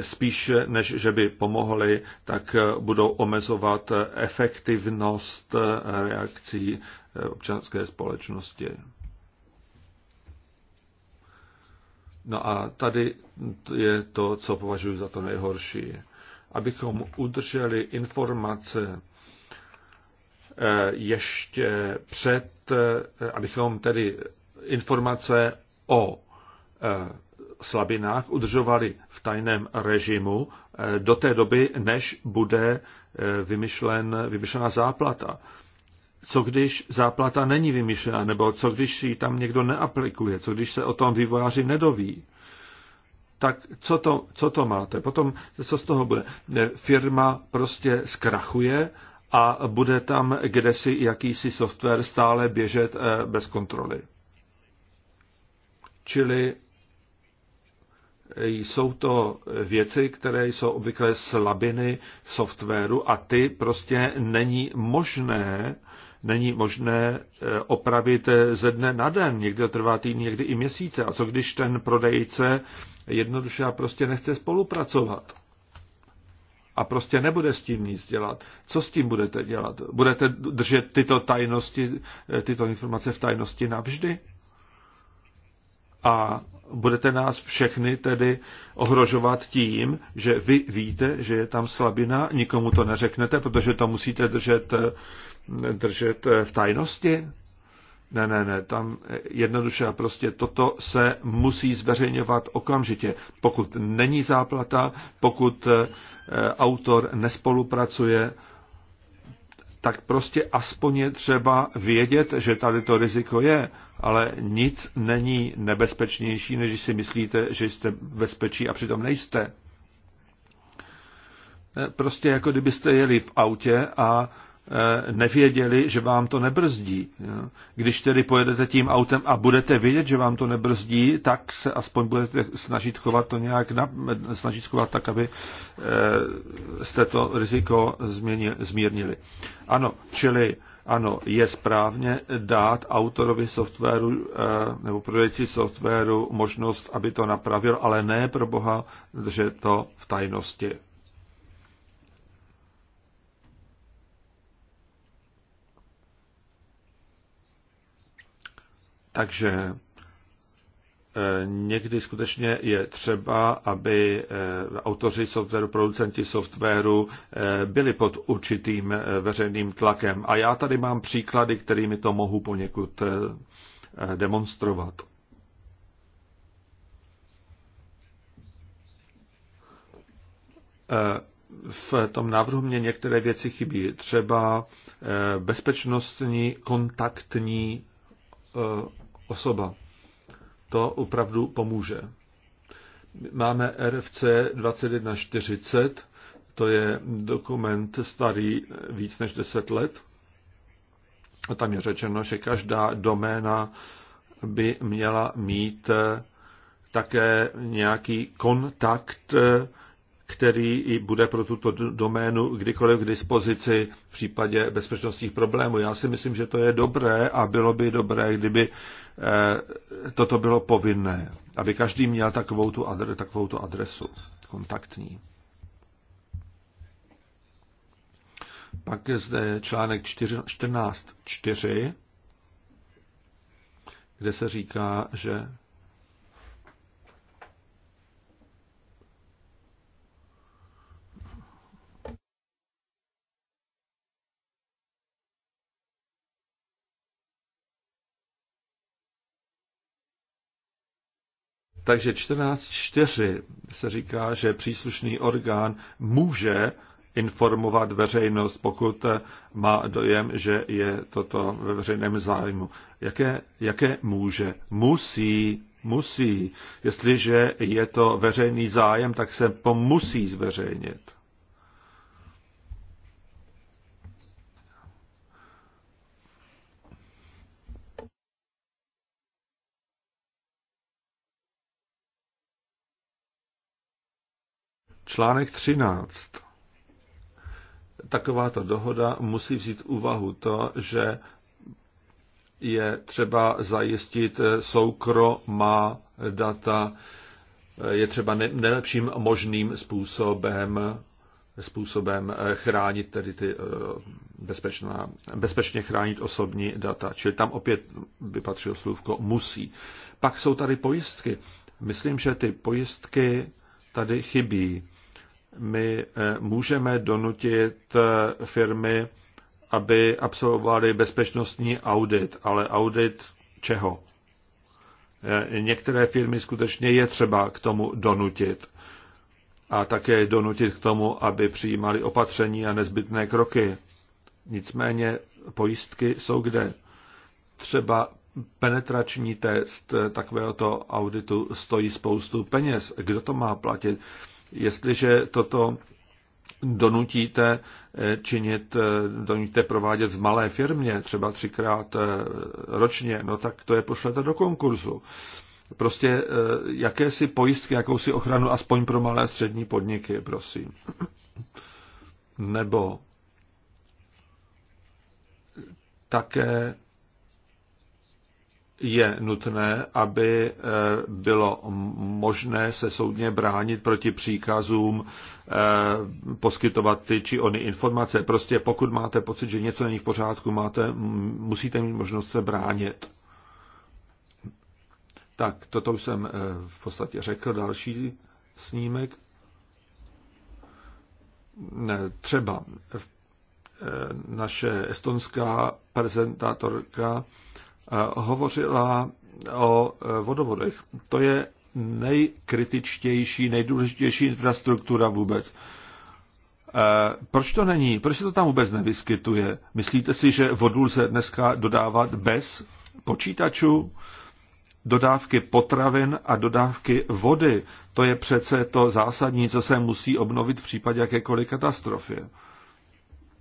Speaker 2: spíš než že by pomohly, tak budou omezovat efektivnost reakcí občanské společnosti. No a tady je to, co považuji za to nejhorší. Abychom udrželi informace eh, ještě před, eh, abychom tedy informace o eh, slabinách udržovali v tajném režimu do té doby, než bude vymyšlen, vymyšlená záplata co když záplata není vymyšlená, nebo co když ji tam někdo neaplikuje, co když se o tom vývojáři nedoví, tak co to, co to máte? Potom, co z toho bude? Firma prostě zkrachuje a bude tam kdesi jakýsi software stále běžet eh, bez kontroly. Čili eh, jsou to věci, které jsou obvykle slabiny softwaru a ty prostě není možné není možné eh, opravit eh, ze dne na den. Někdy to trvá týdny, někdy i měsíce. A co když ten prodejce jednoduše a prostě nechce spolupracovat? A prostě nebude s tím nic dělat. Co s tím budete dělat? Budete držet tyto tajnosti, eh, tyto informace v tajnosti navždy? A budete nás všechny tedy ohrožovat tím, že vy víte, že je tam slabina, nikomu to neřeknete, protože to musíte držet držet eh, v tajnosti? Ne, ne, ne, tam eh, jednoduše a prostě toto se musí zveřejňovat okamžitě. Pokud není záplata, pokud eh, autor nespolupracuje, tak prostě aspoň je třeba vědět, že tady to riziko je, ale nic není nebezpečnější, než si myslíte, že jste bezpečí a přitom nejste. Prostě jako kdybyste jeli v autě a Eh, nevěděli, že vám to nebrzdí. Když tedy pojedete tím autem a budete vědět, že vám to nebrzdí, tak se aspoň budete snažit chovat to nějak, na, snažit chovat tak, aby eh, jste to riziko zmírnili. Ano, čili ano, je správně dát autorovi softwaru eh, nebo prodejci softwaru možnost, aby to napravil, ale ne pro boha, že to v tajnosti. Takže eh, někdy skutečně je třeba, aby eh, autoři softwaru, producenti softwaru eh, byli pod určitým veřejným tlakem. A já tady mám příklady, kterými to mohu poněkud demonstrovat. V tom návrhu mě některé věci chybí. Třeba bezpečnostní kontaktní E, osoba. To opravdu pomůže. Máme RFC 2140, to je dokument starý víc než 10 let. A tam je řečeno, že každá doména by měla mít také nějaký kontakt který i bude pro tuto doménu kdykoliv k dispozici v případě bezpečnostních problémů. Já si myslím, že to je dobré a bylo by dobré, kdyby eh, toto bylo povinné, aby každý měl takovou tu, adre, takovou tu adresu kontaktní. Pak je zde článek 14.4, kde se říká, že Takže 14.4 se říká, že příslušný orgán může informovat veřejnost, pokud má dojem, že je toto ve veřejném zájmu. Jaké, jaké může? Musí, musí. Jestliže je to veřejný zájem, tak se to musí zveřejnit. Článek 13. Takováto dohoda musí vzít úvahu to, že je třeba zajistit soukromá data, je třeba nejlepším možným způsobem způsobem eh, chránit tedy ty eh, bezpečná, bezpečně chránit osobní data. Čili tam opět by patřilo slůvko musí. Pak jsou tady pojistky. Myslím, že ty pojistky tady chybí my eh, můžeme donutit eh, firmy, aby absolvovali bezpečnostní audit, ale audit čeho? Eh, některé firmy skutečně je třeba k tomu donutit a také donutit k tomu, aby přijímali opatření a nezbytné kroky. Nicméně pojistky jsou kde? Třeba penetrační test takovéhoto auditu stojí spoustu peněz. Kdo to má platit? Jestliže toto donutíte eh, činit, eh, donutíte provádět v malé firmě, třeba třikrát eh, ročně, no tak to je pošlete do konkurzu. Prostě jakési pojistky, jakousi ochranu, aspoň pro malé střední podniky, prosím. Nebo také je nutné, aby eh, bylo možné se soudně bránit proti příkazům eh, poskytovat ty či ony informace. Prostě pokud máte pocit, že něco není v pořádku, máte, musíte mít možnost se bránit. Tak, toto už jsem eh, v podstatě řekl. Další snímek. Ne, třeba naše estonská prezentátorka hovořila o e, vodovodech. To je nejkritičtější, nejdůležitější infrastruktura vůbec. E, proč to není? Proč se to tam vůbec nevyskytuje? Myslíte si, že vodu lze dneska dodávat bez počítačů? Dodávky potravin a dodávky vody, to je přece to zásadní, co se musí obnovit v případě jakékoliv katastrofy.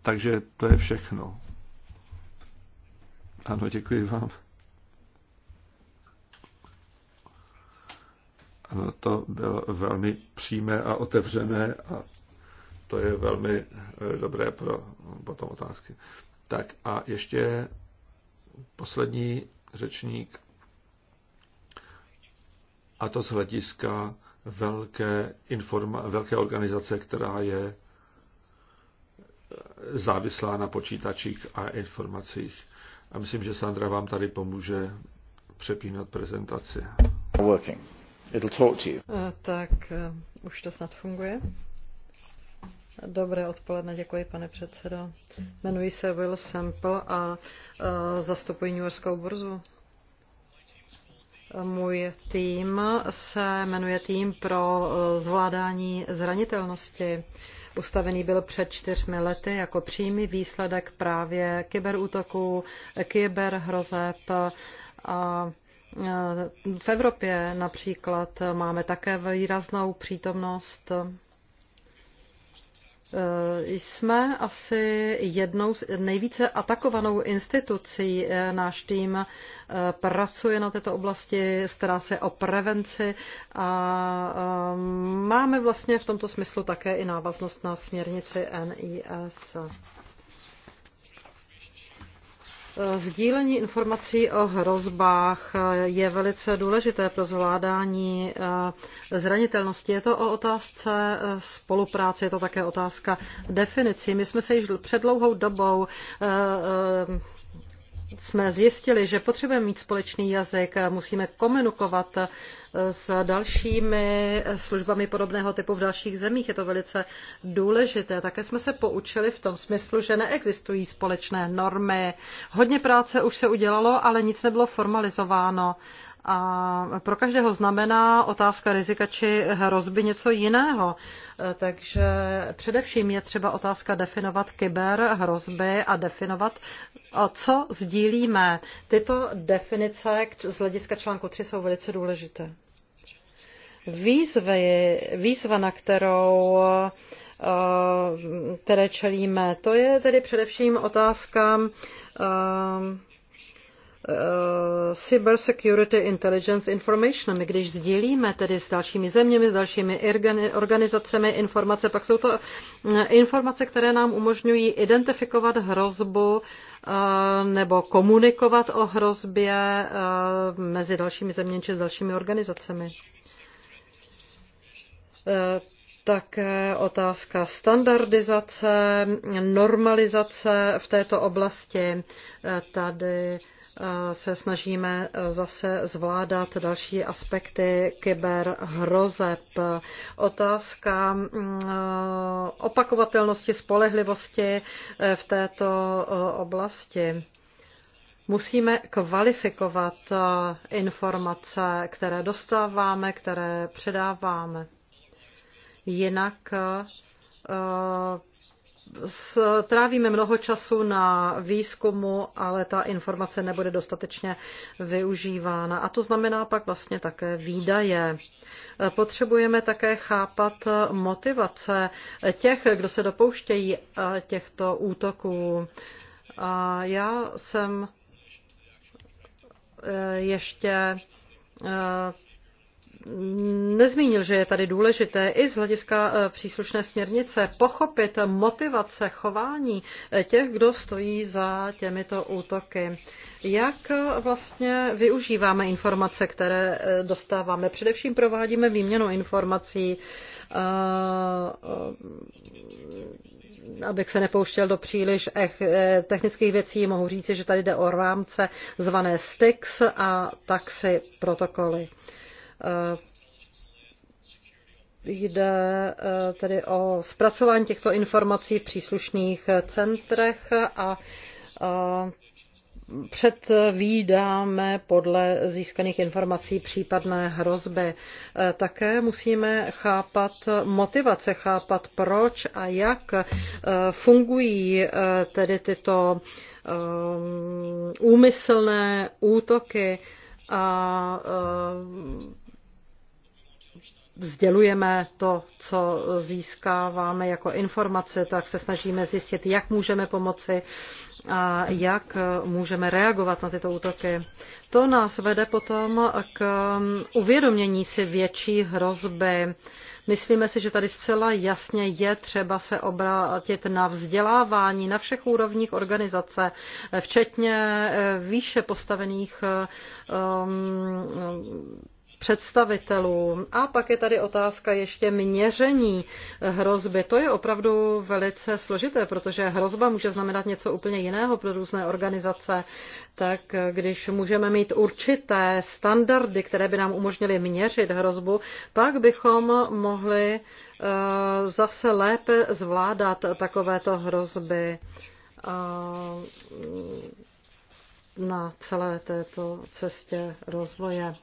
Speaker 2: Takže to je všechno. Ano, děkuji vám. Ano, to bylo velmi přímé a otevřené a to je velmi eh, dobré pro potom otázky. Tak a ještě poslední řečník a to z hlediska velké, informa- velké organizace, která je eh, závislá na počítačích a informacích. A myslím, že Sandra vám tady pomůže přepínat prezentaci. Working. It'll talk to you.
Speaker 1: A, eh, tak uh, už to snad funguje. Dobré odpoledne, děkuji pane předsedo. Jmenuji se Will Sample a uh, zastupuji New Yorkskou burzu. Můj tým se jmenuje tým pro zvládání zranitelnosti. Uh, ustavený byl před čtyřmi lety jako přímý výsledek právě kyberútoků, kyberhrozeb a e, v Evropě například máme také výraznou přítomnost Eh, jsme asi jednou z nejvíce atakovanou institucí. Eh, náš tým eh, pracuje na této oblasti, stará se o prevenci a máme vlastně v tomto smyslu také i návaznost na směrnici NIS. Sdílení informací o hrozbách je velice důležité pro zvládání eh, zranitelnosti. Je to o otázce eh, spolupráce, je to také otázka definicí. My jsme se již před dlouhou dobou eh, jsme zjistili, že potřebujeme mít společný jazyk, musíme komunikovat s dalšími službami podobného typu v dalších zemích. Je to velice důležité. Také jsme se poučili v tom smyslu, že neexistují společné normy. Hodně práce už se udělalo, ale nic nebylo formalizováno a pro každého znamená otázka rizika či hrozby něco jiného. E, takže především je třeba otázka definovat kyber hrozby a definovat, co sdílíme. Tyto definice z hlediska článku 3 jsou velice důležité. Výzvy, výzva, na kterou e, které čelíme. To je tedy především otázka e, Eh, cyber Security Intelligence Information. My když sdílíme tedy s dalšími zeměmi, s dalšími organizacemi informace, pak jsou to eh, informace, které nám umožňují identifikovat hrozbu eh, nebo komunikovat o hrozbě mezi dalšími zeměmi či s dalšími organizacemi také otázka standardizace, normalizace v této oblasti. Tady eh, se snažíme eh, zase zvládat další aspekty kyberhrozeb. Otázka mm, eh, opakovatelnosti, spolehlivosti v této oblasti. Musíme kvalifikovat informace, které dostáváme, které předáváme. Jinak eh, trávíme mnoho času na výzkumu, ale ta informace nebude dostatečně využívána. A to znamená pak vlastně také výdaje. Eh, potřebujeme také chápat motivace těch, kdo se dopouštějí eh, těchto útoků. A já jsem ještě nezmínil, že je tady důležité i z hlediska e, příslušné směrnice pochopit motivace chování e, těch, kdo stojí za těmito útoky. Jak e, vlastně využíváme informace, které dostáváme? Především provádíme výměnu informací, abych se nepouštěl do příliš technických věcí, mohu říct, že tady jde o rámce zvané STIX a taxi protokoly. Eh, jde eh, tedy o zpracování těchto informací v příslušných centrech a eh, předvídáme podle získaných informací případné hrozby. Také musíme chápat motivace, chápat proč a jak fungují tedy tyto úmyslné útoky a sdělujeme to, co získáváme jako informace, tak se snažíme zjistit, jak můžeme pomoci a jak můžeme reagovat na tyto útoky. To nás vede potom k uvědomění si větší hrozby. Myslíme si, že tady zcela jasně je třeba se obrátit na vzdělávání na všech úrovních organizace, včetně eh, výše postavených eh, um, představitelů. A pak je tady otázka ještě měření hrozby. To je opravdu velice složité, protože hrozba může znamenat něco úplně jiného pro různé organizace. Tak když můžeme mít určité standardy, které by nám umožnily měřit hrozbu, pak bychom mohli eh, zase lépe zvládat takovéto hrozby eh, na celé této cestě rozvoje.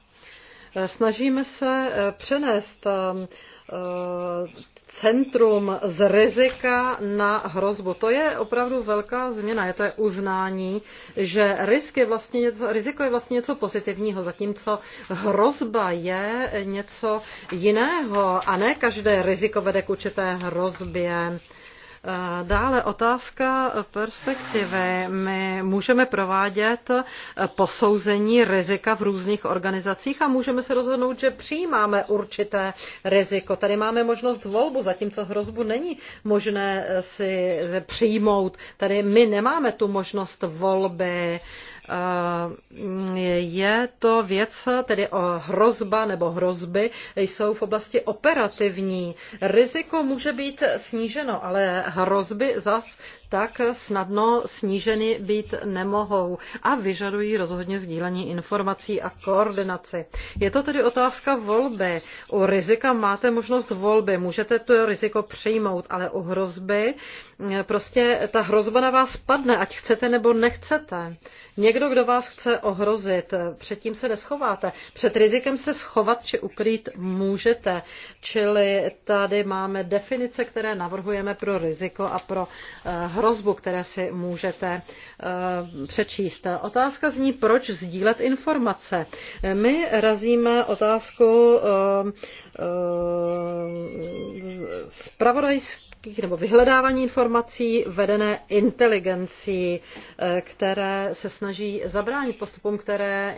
Speaker 1: Snažíme se eh, přenést eh, centrum z rizika na hrozbu. To je opravdu velká změna. Je to je uznání, že risk je vlastně něco, riziko je vlastně něco pozitivního, zatímco hrozba je něco jiného a ne každé riziko vede k určité hrozbě. Dále otázka perspektivy. My můžeme provádět posouzení rizika v různých organizacích a můžeme se rozhodnout, že přijímáme určité riziko. Tady máme možnost volbu, zatímco hrozbu není možné si přijmout. Tady my nemáme tu možnost volby Eh, je to věc, tedy o hrozba nebo hrozby jsou v oblasti operativní. Riziko může být sníženo, ale hrozby zas tak snadno sníženy být nemohou a vyžadují rozhodně sdílení informací a koordinaci. Je to tedy otázka volby. U rizika máte možnost volby, můžete to riziko přijmout, ale u hrozby eh, prostě ta hrozba na vás padne, ať chcete nebo nechcete. Někdo, kdo vás chce ohrozit, předtím se neschováte. Před rizikem se schovat či ukrýt můžete. Čili tady máme definice, které navrhujeme pro riziko a pro hrozbu, které si můžete přečíst. Otázka zní, proč sdílet informace. My razíme otázku zpravodajství informatických nebo vyhledávání informací vedené inteligencí, eh, které se snaží zabránit postupům, které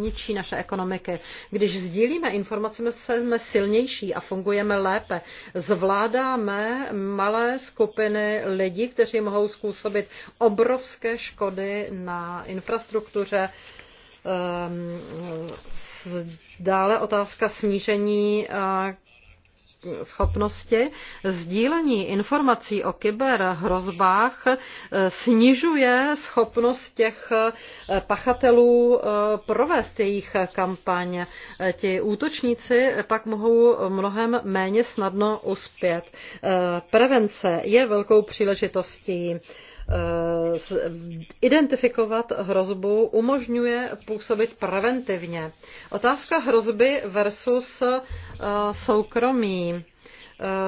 Speaker 1: ničí naše ekonomiky. Když sdílíme informace, jsme silnější a fungujeme lépe. Zvládáme malé skupiny lidí, kteří mohou způsobit obrovské škody na infrastruktuře, ehm, Dále otázka snížení eh, schopnosti sdílení informací o kyberhrozbách eh, snižuje schopnost těch eh, pachatelů eh, provést jejich kampaň. Ti útočníci pak mohou mnohem méně snadno uspět. Prevence je velkou příležitostí. Eh, identifikovat hrozbu umožňuje působit preventivně. Otázka hrozby versus eh, soukromí.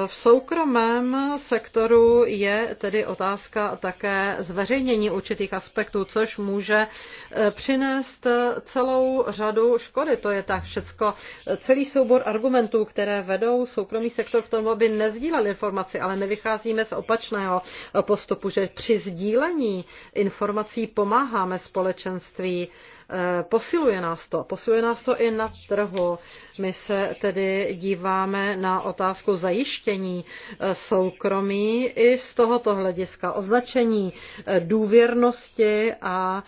Speaker 1: V soukromém sektoru je tedy otázka také zveřejnění určitých aspektů, což může eh, přinést eh, celou řadu škody. To je tak všecko, celý soubor argumentů, které vedou soukromý sektor k tomu, aby nezdílel informaci, ale my vycházíme z opačného eh, postupu, že při sdílení informací pomáháme společenství Eh, posiluje nás to. Posiluje nás to i na trhu. My se tedy díváme na otázku zajištění eh, soukromí i z tohoto hlediska. Označení eh, důvěrnosti a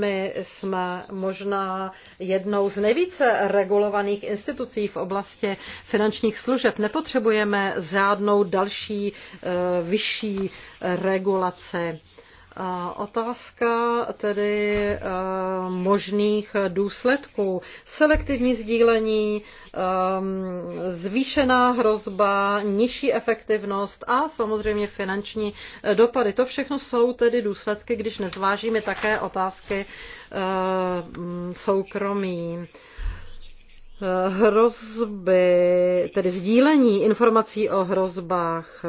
Speaker 1: my jsme možná jednou z nejvíce regulovaných institucí v oblasti finančních služeb. Nepotřebujeme žádnou další vyšší regulaci. Otázka tedy e, možných důsledků. Selektivní sdílení, e, zvýšená hrozba, nižší efektivnost a samozřejmě finanční e, dopady. To všechno jsou tedy důsledky, když nezvážíme také otázky soukromí hrozby, tedy sdílení informací o hrozbách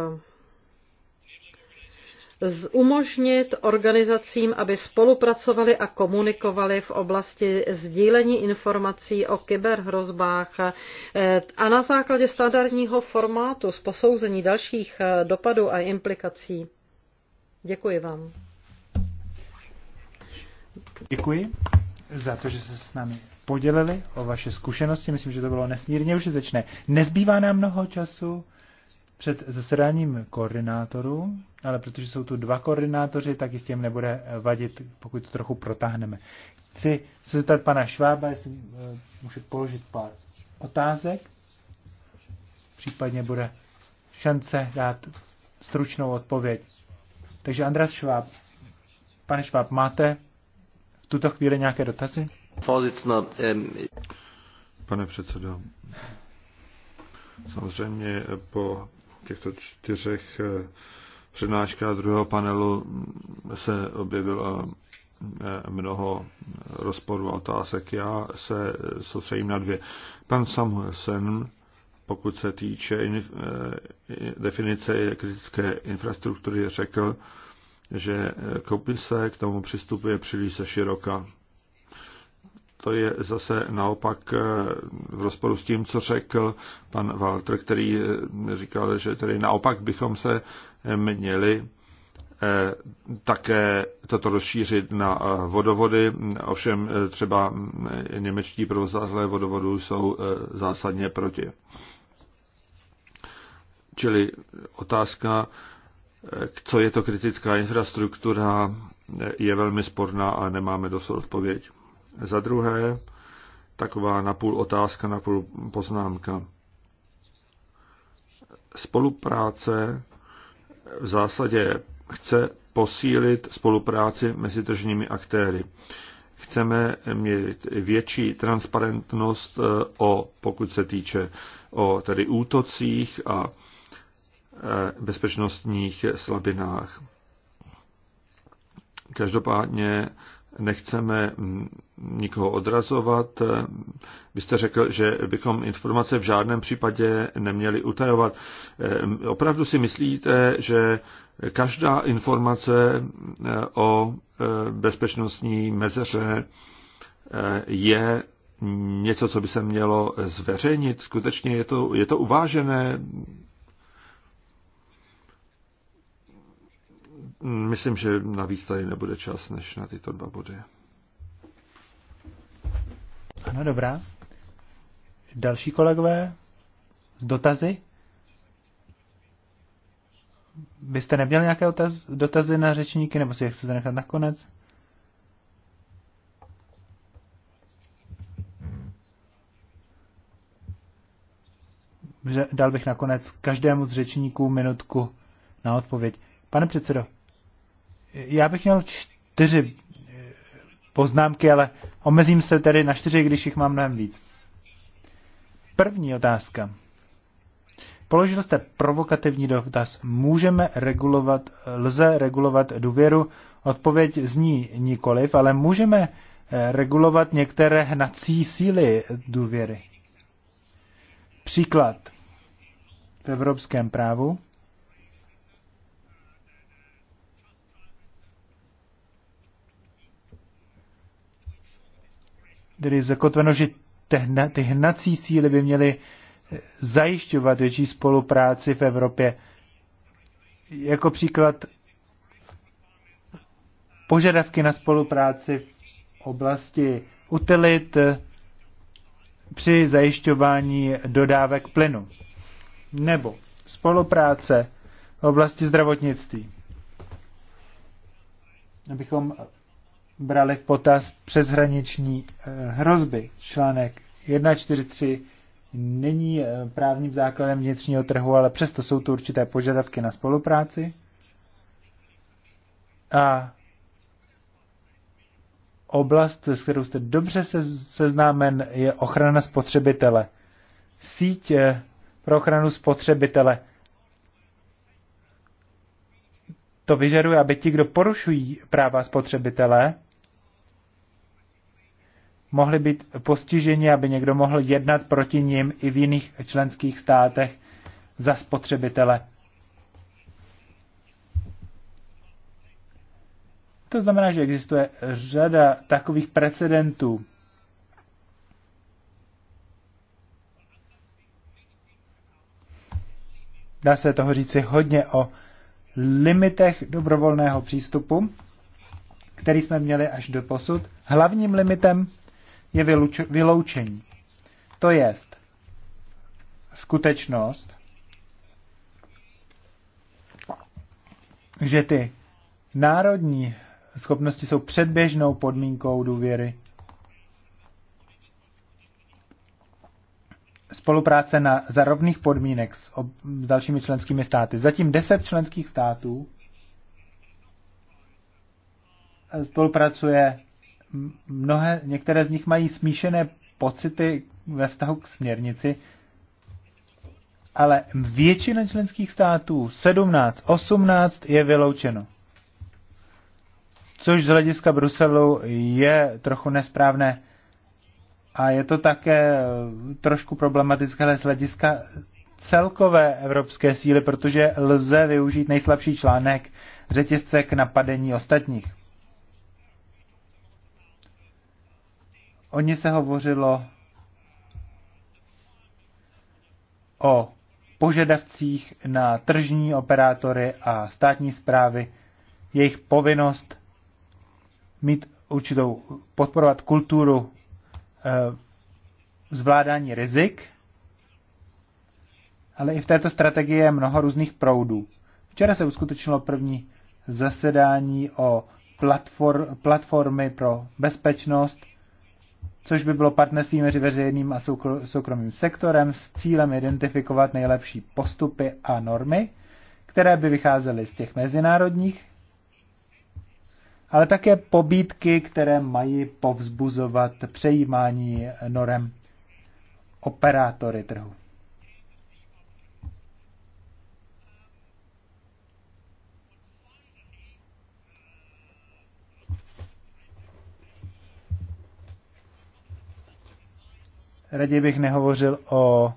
Speaker 1: umožnit organizacím, aby spolupracovali a komunikovali v oblasti sdílení informací o kyberhrozbách eh, a na základě standardního formátu s posouzení dalších eh, dopadů a implikací. Děkuji vám.
Speaker 3: Děkuji za to, že jste s námi podělili o vaše zkušenosti. Myslím, že to bylo nesmírně užitečné. Nezbývá nám mnoho času před zasedáním koordinátorů, ale protože jsou tu dva koordinátoři, tak jistě jim nebude vadit, pokud to trochu protáhneme. Chci se zeptat pana Švába, jestli eh, můžu položit pár otázek. Případně bude šance dát stručnou odpověď. Takže Andras Šváb, pane Šváb, máte v tuto chvíli nějaké dotazy?
Speaker 2: Pane předsedo, samozřejmě po těchto čtyřech eh, přednáškách druhého panelu se objevilo eh, mnoho rozporů a otázek. Já se soustředím na dvě. Pan Samuelsen, pokud se týče eh, definice kritické infrastruktury, řekl, že komise k tomu přistupuje příliš ze široka. To je zase naopak eh, v rozporu s tím, co řekl pan Walter, který eh, říkal, že tedy naopak bychom se měli eh, také toto rozšířit na vodovody. Ovšem třeba mm, němečtí provozatelé vodovodů jsou zásadně proti. Čili otázka, co je to kritická infrastruktura, je velmi sporná a nemáme dosud odpověď. Za druhé, taková napůl otázka, napůl poznámka. Spolupráce v zásadě chce posílit spolupráci mezi tržními aktéry. Chceme mít větší transparentnost eh, o, pokud se týče o tedy útocích a eh, bezpečnostních slabinách. Každopádně nechceme mm, nikoho odrazovat. Vy jste řekl, že bychom informace v žádném případě neměli utajovat. Ehm, opravdu si myslíte, že každá informace eh, o eh, bezpečnostní mezeře eh, je něco, co by se mělo zveřejnit? Skutečně je to, je to uvážené Myslím, že navíc tady nebude čas než na tyto dva body.
Speaker 3: Ano, dobrá. Další kolegové z dotazy? Byste neměli nějaké otaz, dotazy na řečníky, nebo si je chcete nechat nakonec? Dal bych nakonec každému z řečníků minutku na odpověď. Pane předsedo, já bych měl čtyři eh, poznámky, ale omezím se tedy na čtyři, když jich mám mnohem víc. První otázka. Položil jste provokativní dotaz. Můžeme regulovat, lze regulovat důvěru? Odpověď zní nikoliv, ale můžeme eh, regulovat některé hnací síly důvěry. Příklad v evropském právu tedy zakotveno, že ty hnací síly by měly eh, zajišťovat větší spolupráci v Evropě. Jako příklad požadavky na spolupráci v oblasti utilit eh, při zajišťování dodávek plynu nebo spolupráce v oblasti zdravotnictví. Abychom brali v potaz přeshraniční eh, hrozby. Článek 143 není eh, právním základem vnitřního trhu, ale přesto jsou tu určité požadavky na spolupráci. A oblast, s kterou jste dobře seznámen, je ochrana spotřebitele. Síť eh, pro ochranu spotřebitele – to vyžaduje, aby ti, kdo porušují práva spotřebitele, mohli být postiženi, aby někdo mohl jednat proti ním i v jiných členských státech za spotřebitele. To znamená, že existuje řada takových precedentů. Dá se toho říci hodně o limitech dobrovolného přístupu, který jsme měli až do posud, hlavním limitem je vyloučení. To jest skutečnost, že ty národní schopnosti jsou předběžnou podmínkou důvěry spolupráce na, zarovných podmínek s, ob, s dalšími členskými státy. Zatím deset členských států spolupracuje, mnohé, některé z nich mají smíšené pocity ve vztahu k směrnici, ale většina členských států, 17, 18, je vyloučeno. Což z hlediska Bruselu je trochu nesprávné a je to také trošku problematické z hlediska celkové evropské síly, protože lze využít nejslabší článek řetězce k napadení ostatních. O ní se hovořilo o požadavcích na tržní operátory a státní zprávy, jejich povinnost mít určitou podporovat kulturu Eh, zvládání rizik, ale i v této strategii je mnoho různých proudů. Včera se uskutečnilo první zasedání o platform, platformy pro bezpečnost, což by bylo partnerství mezi veřejným a soukromým sektorem s cílem identifikovat nejlepší postupy a normy, které by vycházely z těch mezinárodních ale také pobídky, které mají povzbuzovat přejímání norem operátory trhu. Raději bych nehovořil o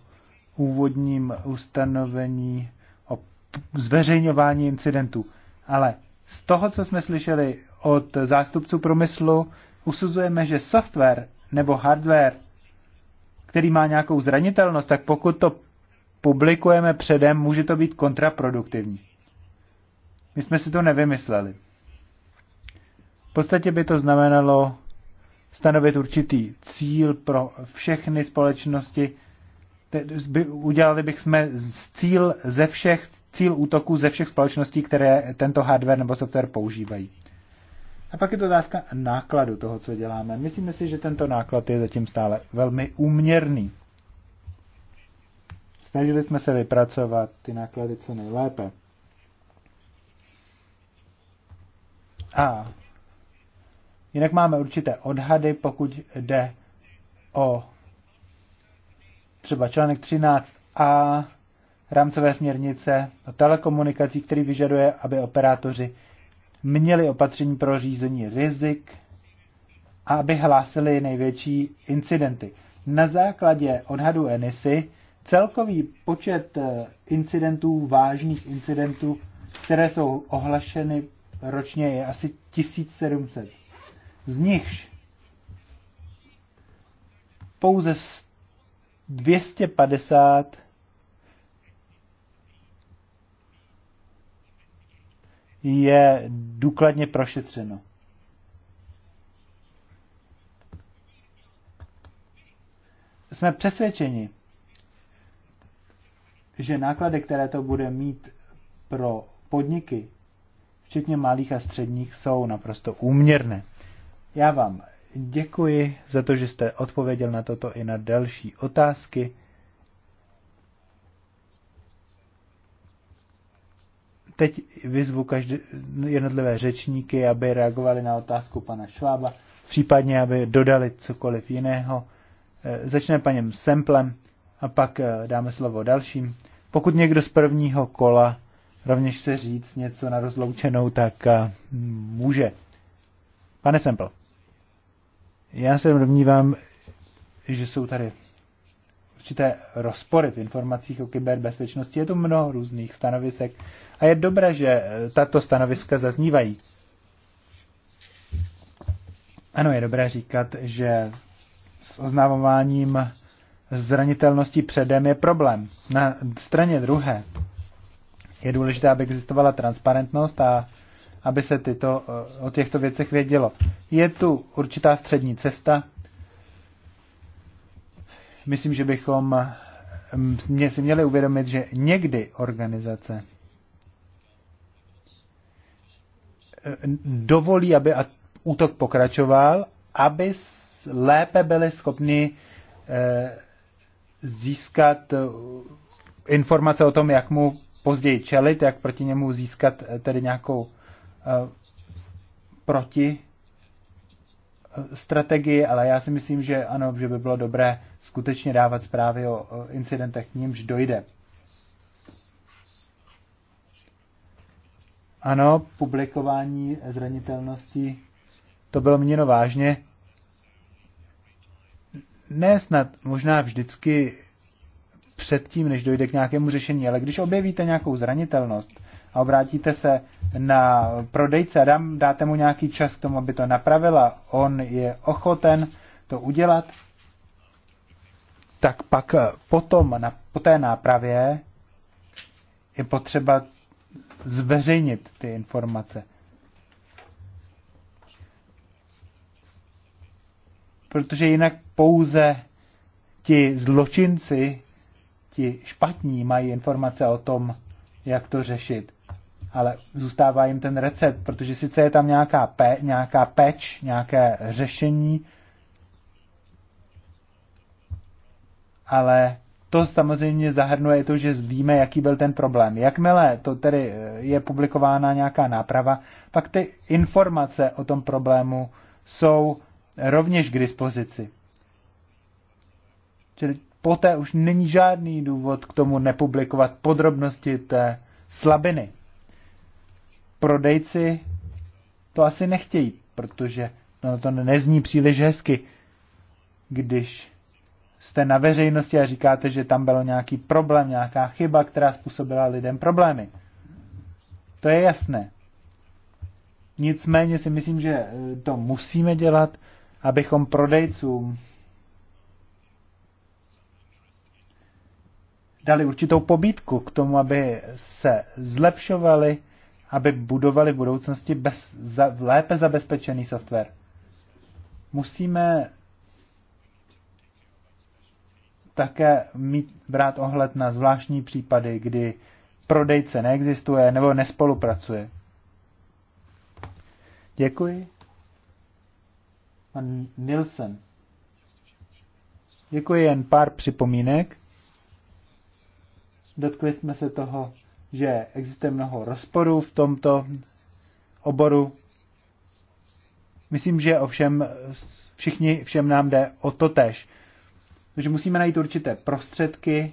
Speaker 3: úvodním ustanovení o zveřejňování incidentů, ale z toho, co jsme slyšeli od zástupců průmyslu usuzujeme, že software nebo hardware, který má nějakou zranitelnost, tak pokud to publikujeme předem, může to být kontraproduktivní. My jsme si to nevymysleli. V podstatě by to znamenalo stanovit určitý cíl pro všechny společnosti. Udělali bych jsme cíl ze všech, cíl útoku ze všech společností, které tento hardware nebo software používají. A pak je to otázka nákladu toho, co děláme. Myslíme si, že tento náklad je zatím stále velmi úměrný. Snažili jsme se vypracovat ty náklady co nejlépe. A jinak máme určité odhady, pokud jde o třeba článek 13a rámcové směrnice o telekomunikací, který vyžaduje, aby operátoři měli opatření pro řízení rizik a aby hlásili největší incidenty. Na základě odhadu ENISY celkový počet eh, incidentů, vážných incidentů, které jsou ohlašeny ročně, je asi 1700. Z nichž pouze 250 je důkladně prošetřeno. Jsme přesvědčeni, že náklady, které to bude mít pro podniky, včetně malých a středních, jsou naprosto úměrné. Já vám děkuji za to, že jste odpověděl na toto i na další otázky. teď vyzvu každé jednotlivé řečníky, aby reagovali na otázku pana Švába, případně aby dodali cokoliv jiného. Eh, začneme paním Semplem a pak eh, dáme slovo dalším. Pokud někdo z prvního kola rovněž chce říct něco na rozloučenou, tak eh, může. Pane Sempl, já se domnívám, že jsou tady určité rozpory v informacích o kyberbezpečnosti. Je to mnoho různých stanovisek a je dobré, že eh, tato stanoviska zaznívají. Ano, je dobré říkat, že s oznávováním zranitelnosti předem je problém. Na straně druhé je důležité, aby existovala transparentnost a aby se tyto, eh, o těchto věcech vědělo. Je tu určitá střední cesta, myslím, že bychom mm, mě si měli uvědomit, že někdy organizace eh, dovolí, aby útok pokračoval, aby lépe byli schopni eh, získat eh, informace o tom, jak mu později čelit, jak proti němu získat tedy nějakou proti strategii, ale já si myslím, že ano, že by bylo dobré skutečně dávat zprávy o, incidentech, k nímž dojde. Ano, publikování zranitelnosti. to bylo měno vážně. Ne snad možná vždycky předtím, než dojde k nějakému řešení, ale když objevíte nějakou zranitelnost a obrátíte se na prodejce a dám, dáte mu nějaký čas k tomu, aby to napravila, on je ochoten to udělat, tak pak eh, potom na, po té nápravě je potřeba zveřejnit ty informace. Protože jinak pouze ti zločinci, ti špatní mají informace o tom, jak to řešit. Ale zůstává jim ten recept, protože sice je tam nějaká, pe, nějaká peč, nějaké řešení, ale to samozřejmě zahrnuje to, že víme, jaký byl ten problém. Jakmile to tedy eh, je publikována nějaká náprava, pak ty informace o tom problému jsou rovněž k dispozici. Čili poté už není žádný důvod k tomu nepublikovat podrobnosti té slabiny. Prodejci to asi nechtějí, protože no, to nezní příliš hezky, když jste na veřejnosti a říkáte, že tam byl nějaký problém, nějaká chyba, která způsobila lidem problémy. To je jasné. Nicméně si myslím, že eh, to musíme dělat, abychom prodejcům dali určitou pobídku k tomu, aby se zlepšovali, aby budovali v budoucnosti bez, za, lépe zabezpečený software. Musíme také mít, brát ohled na zvláštní případy, kdy prodejce neexistuje nebo nespolupracuje. Děkuji. Pan Nilsen. Děkuji jen pár připomínek. Dotkli jsme se toho, že existuje mnoho rozporů v tomto oboru. Myslím, že ovšem všichni, všem nám jde o to tež. Takže musíme najít určité prostředky,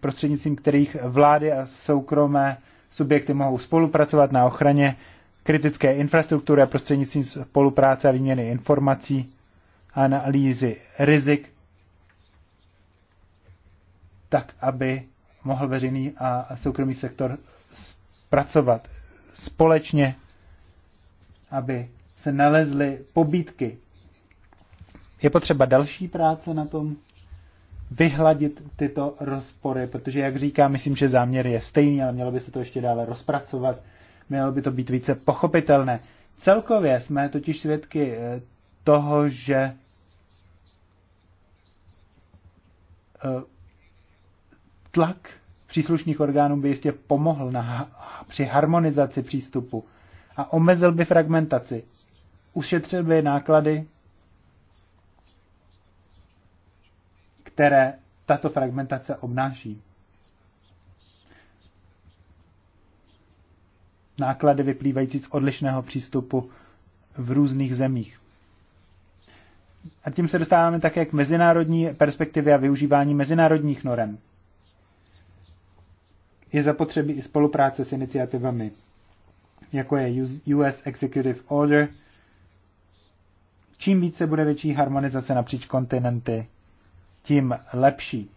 Speaker 3: prostřednictvím kterých vlády a soukromé subjekty mohou spolupracovat na ochraně kritické infrastruktury a prostřednictvím spolupráce a výměny informací a analýzy rizik, tak aby mohl veřejný a soukromý sektor pracovat společně, aby se nalezly pobídky je potřeba další práce na tom, vyhladit tyto rozpory, protože, jak říkám, myslím, že záměr je stejný, ale mělo by se to ještě dále rozpracovat, mělo by to být více pochopitelné. Celkově jsme totiž svědky eh, toho, že eh, tlak příslušných orgánů by jistě pomohl na, při harmonizaci přístupu a omezil by fragmentaci, ušetřil by náklady které tato fragmentace obnáší. Náklady vyplývající z odlišného přístupu v různých zemích. A tím se dostáváme také k mezinárodní perspektivě a využívání mezinárodních norem. Je zapotřebí i spolupráce s iniciativami, jako je US Executive Order. Čím více bude větší harmonizace napříč kontinenty, tím lepší.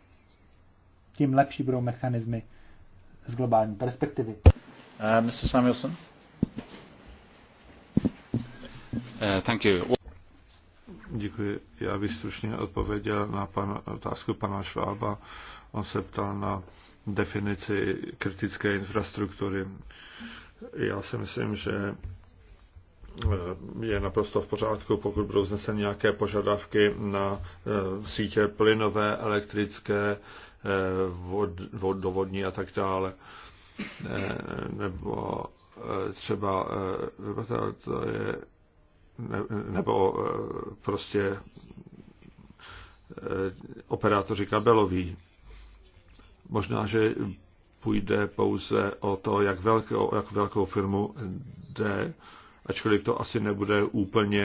Speaker 3: Tím lepší budou mechanismy z globální perspektivy. Uh, Mr. Samuelson.
Speaker 2: Uh, thank you. Děkuji. Já bych stručně odpověděl na pan, otázku pana Švába. On se ptal na definici kritické infrastruktury. Já si myslím, že Eh, je naprosto v pořádku, pokud budou zneseny nějaké požadavky na eh, sítě plynové, elektrické, eh, vodovodní a tak dále. Nebo třeba to je, nebo prostě operátoři kabeloví. Možná, že půjde pouze o to, jak velkou, jak velkou firmu jde, ačkoliv to asi nebude úplně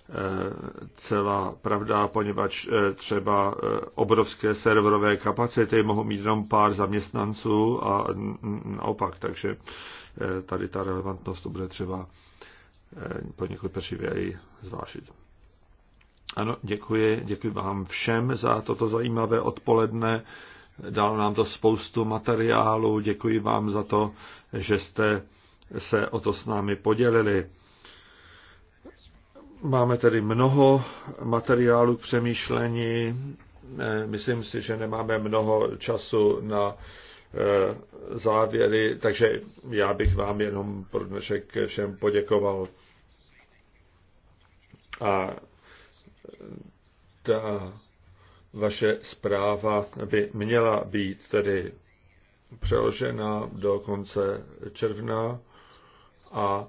Speaker 2: eh, celá pravda, poněvadž eh, třeba eh, obrovské serverové kapacity mohou mít jenom pár zaměstnanců a naopak, takže tady ta relevantnost to bude třeba poněkud pečlivěji zvážit. Ano, děkuji, děkuji vám všem za toto zajímavé odpoledne. Dalo nám to spoustu materiálu. Děkuji vám za to, že jste se o to s námi podělili. Máme tedy mnoho materiálu k přemýšlení. Eh, myslím si, že nemáme mnoho času na eh, závěry, takže já bych vám jenom pro dnešek všem poděkoval. A eh, ta vaše zpráva by měla být tedy přeložena do konce června a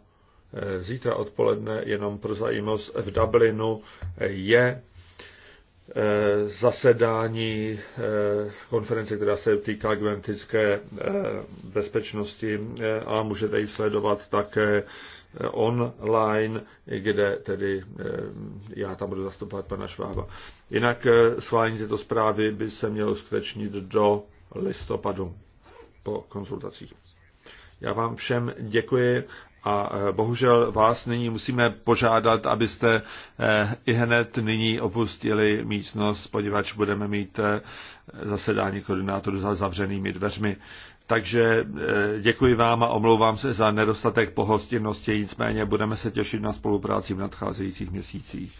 Speaker 2: e, zítra odpoledne, jenom pro zajímavost, v Dublinu je e, zasedání e, konference, která se týká kybernetické bezpečnosti a můžete ji sledovat také online, kde tedy já tam budu zastupovat pana Švába. Jinak schválení této zprávy by se mělo skutečnit do listopadu po konzultacích. Já vám všem děkuji a eh, bohužel vás nyní musíme požádat, abyste eh, i hned nyní opustili místnost, poněvadž budeme mít eh, zasedání koordinátorů za zavřenými dveřmi. Takže děkuji vám a omlouvám se za nedostatek pohostinnosti, nicméně budeme se těšit na spolupráci v nadcházejících měsících.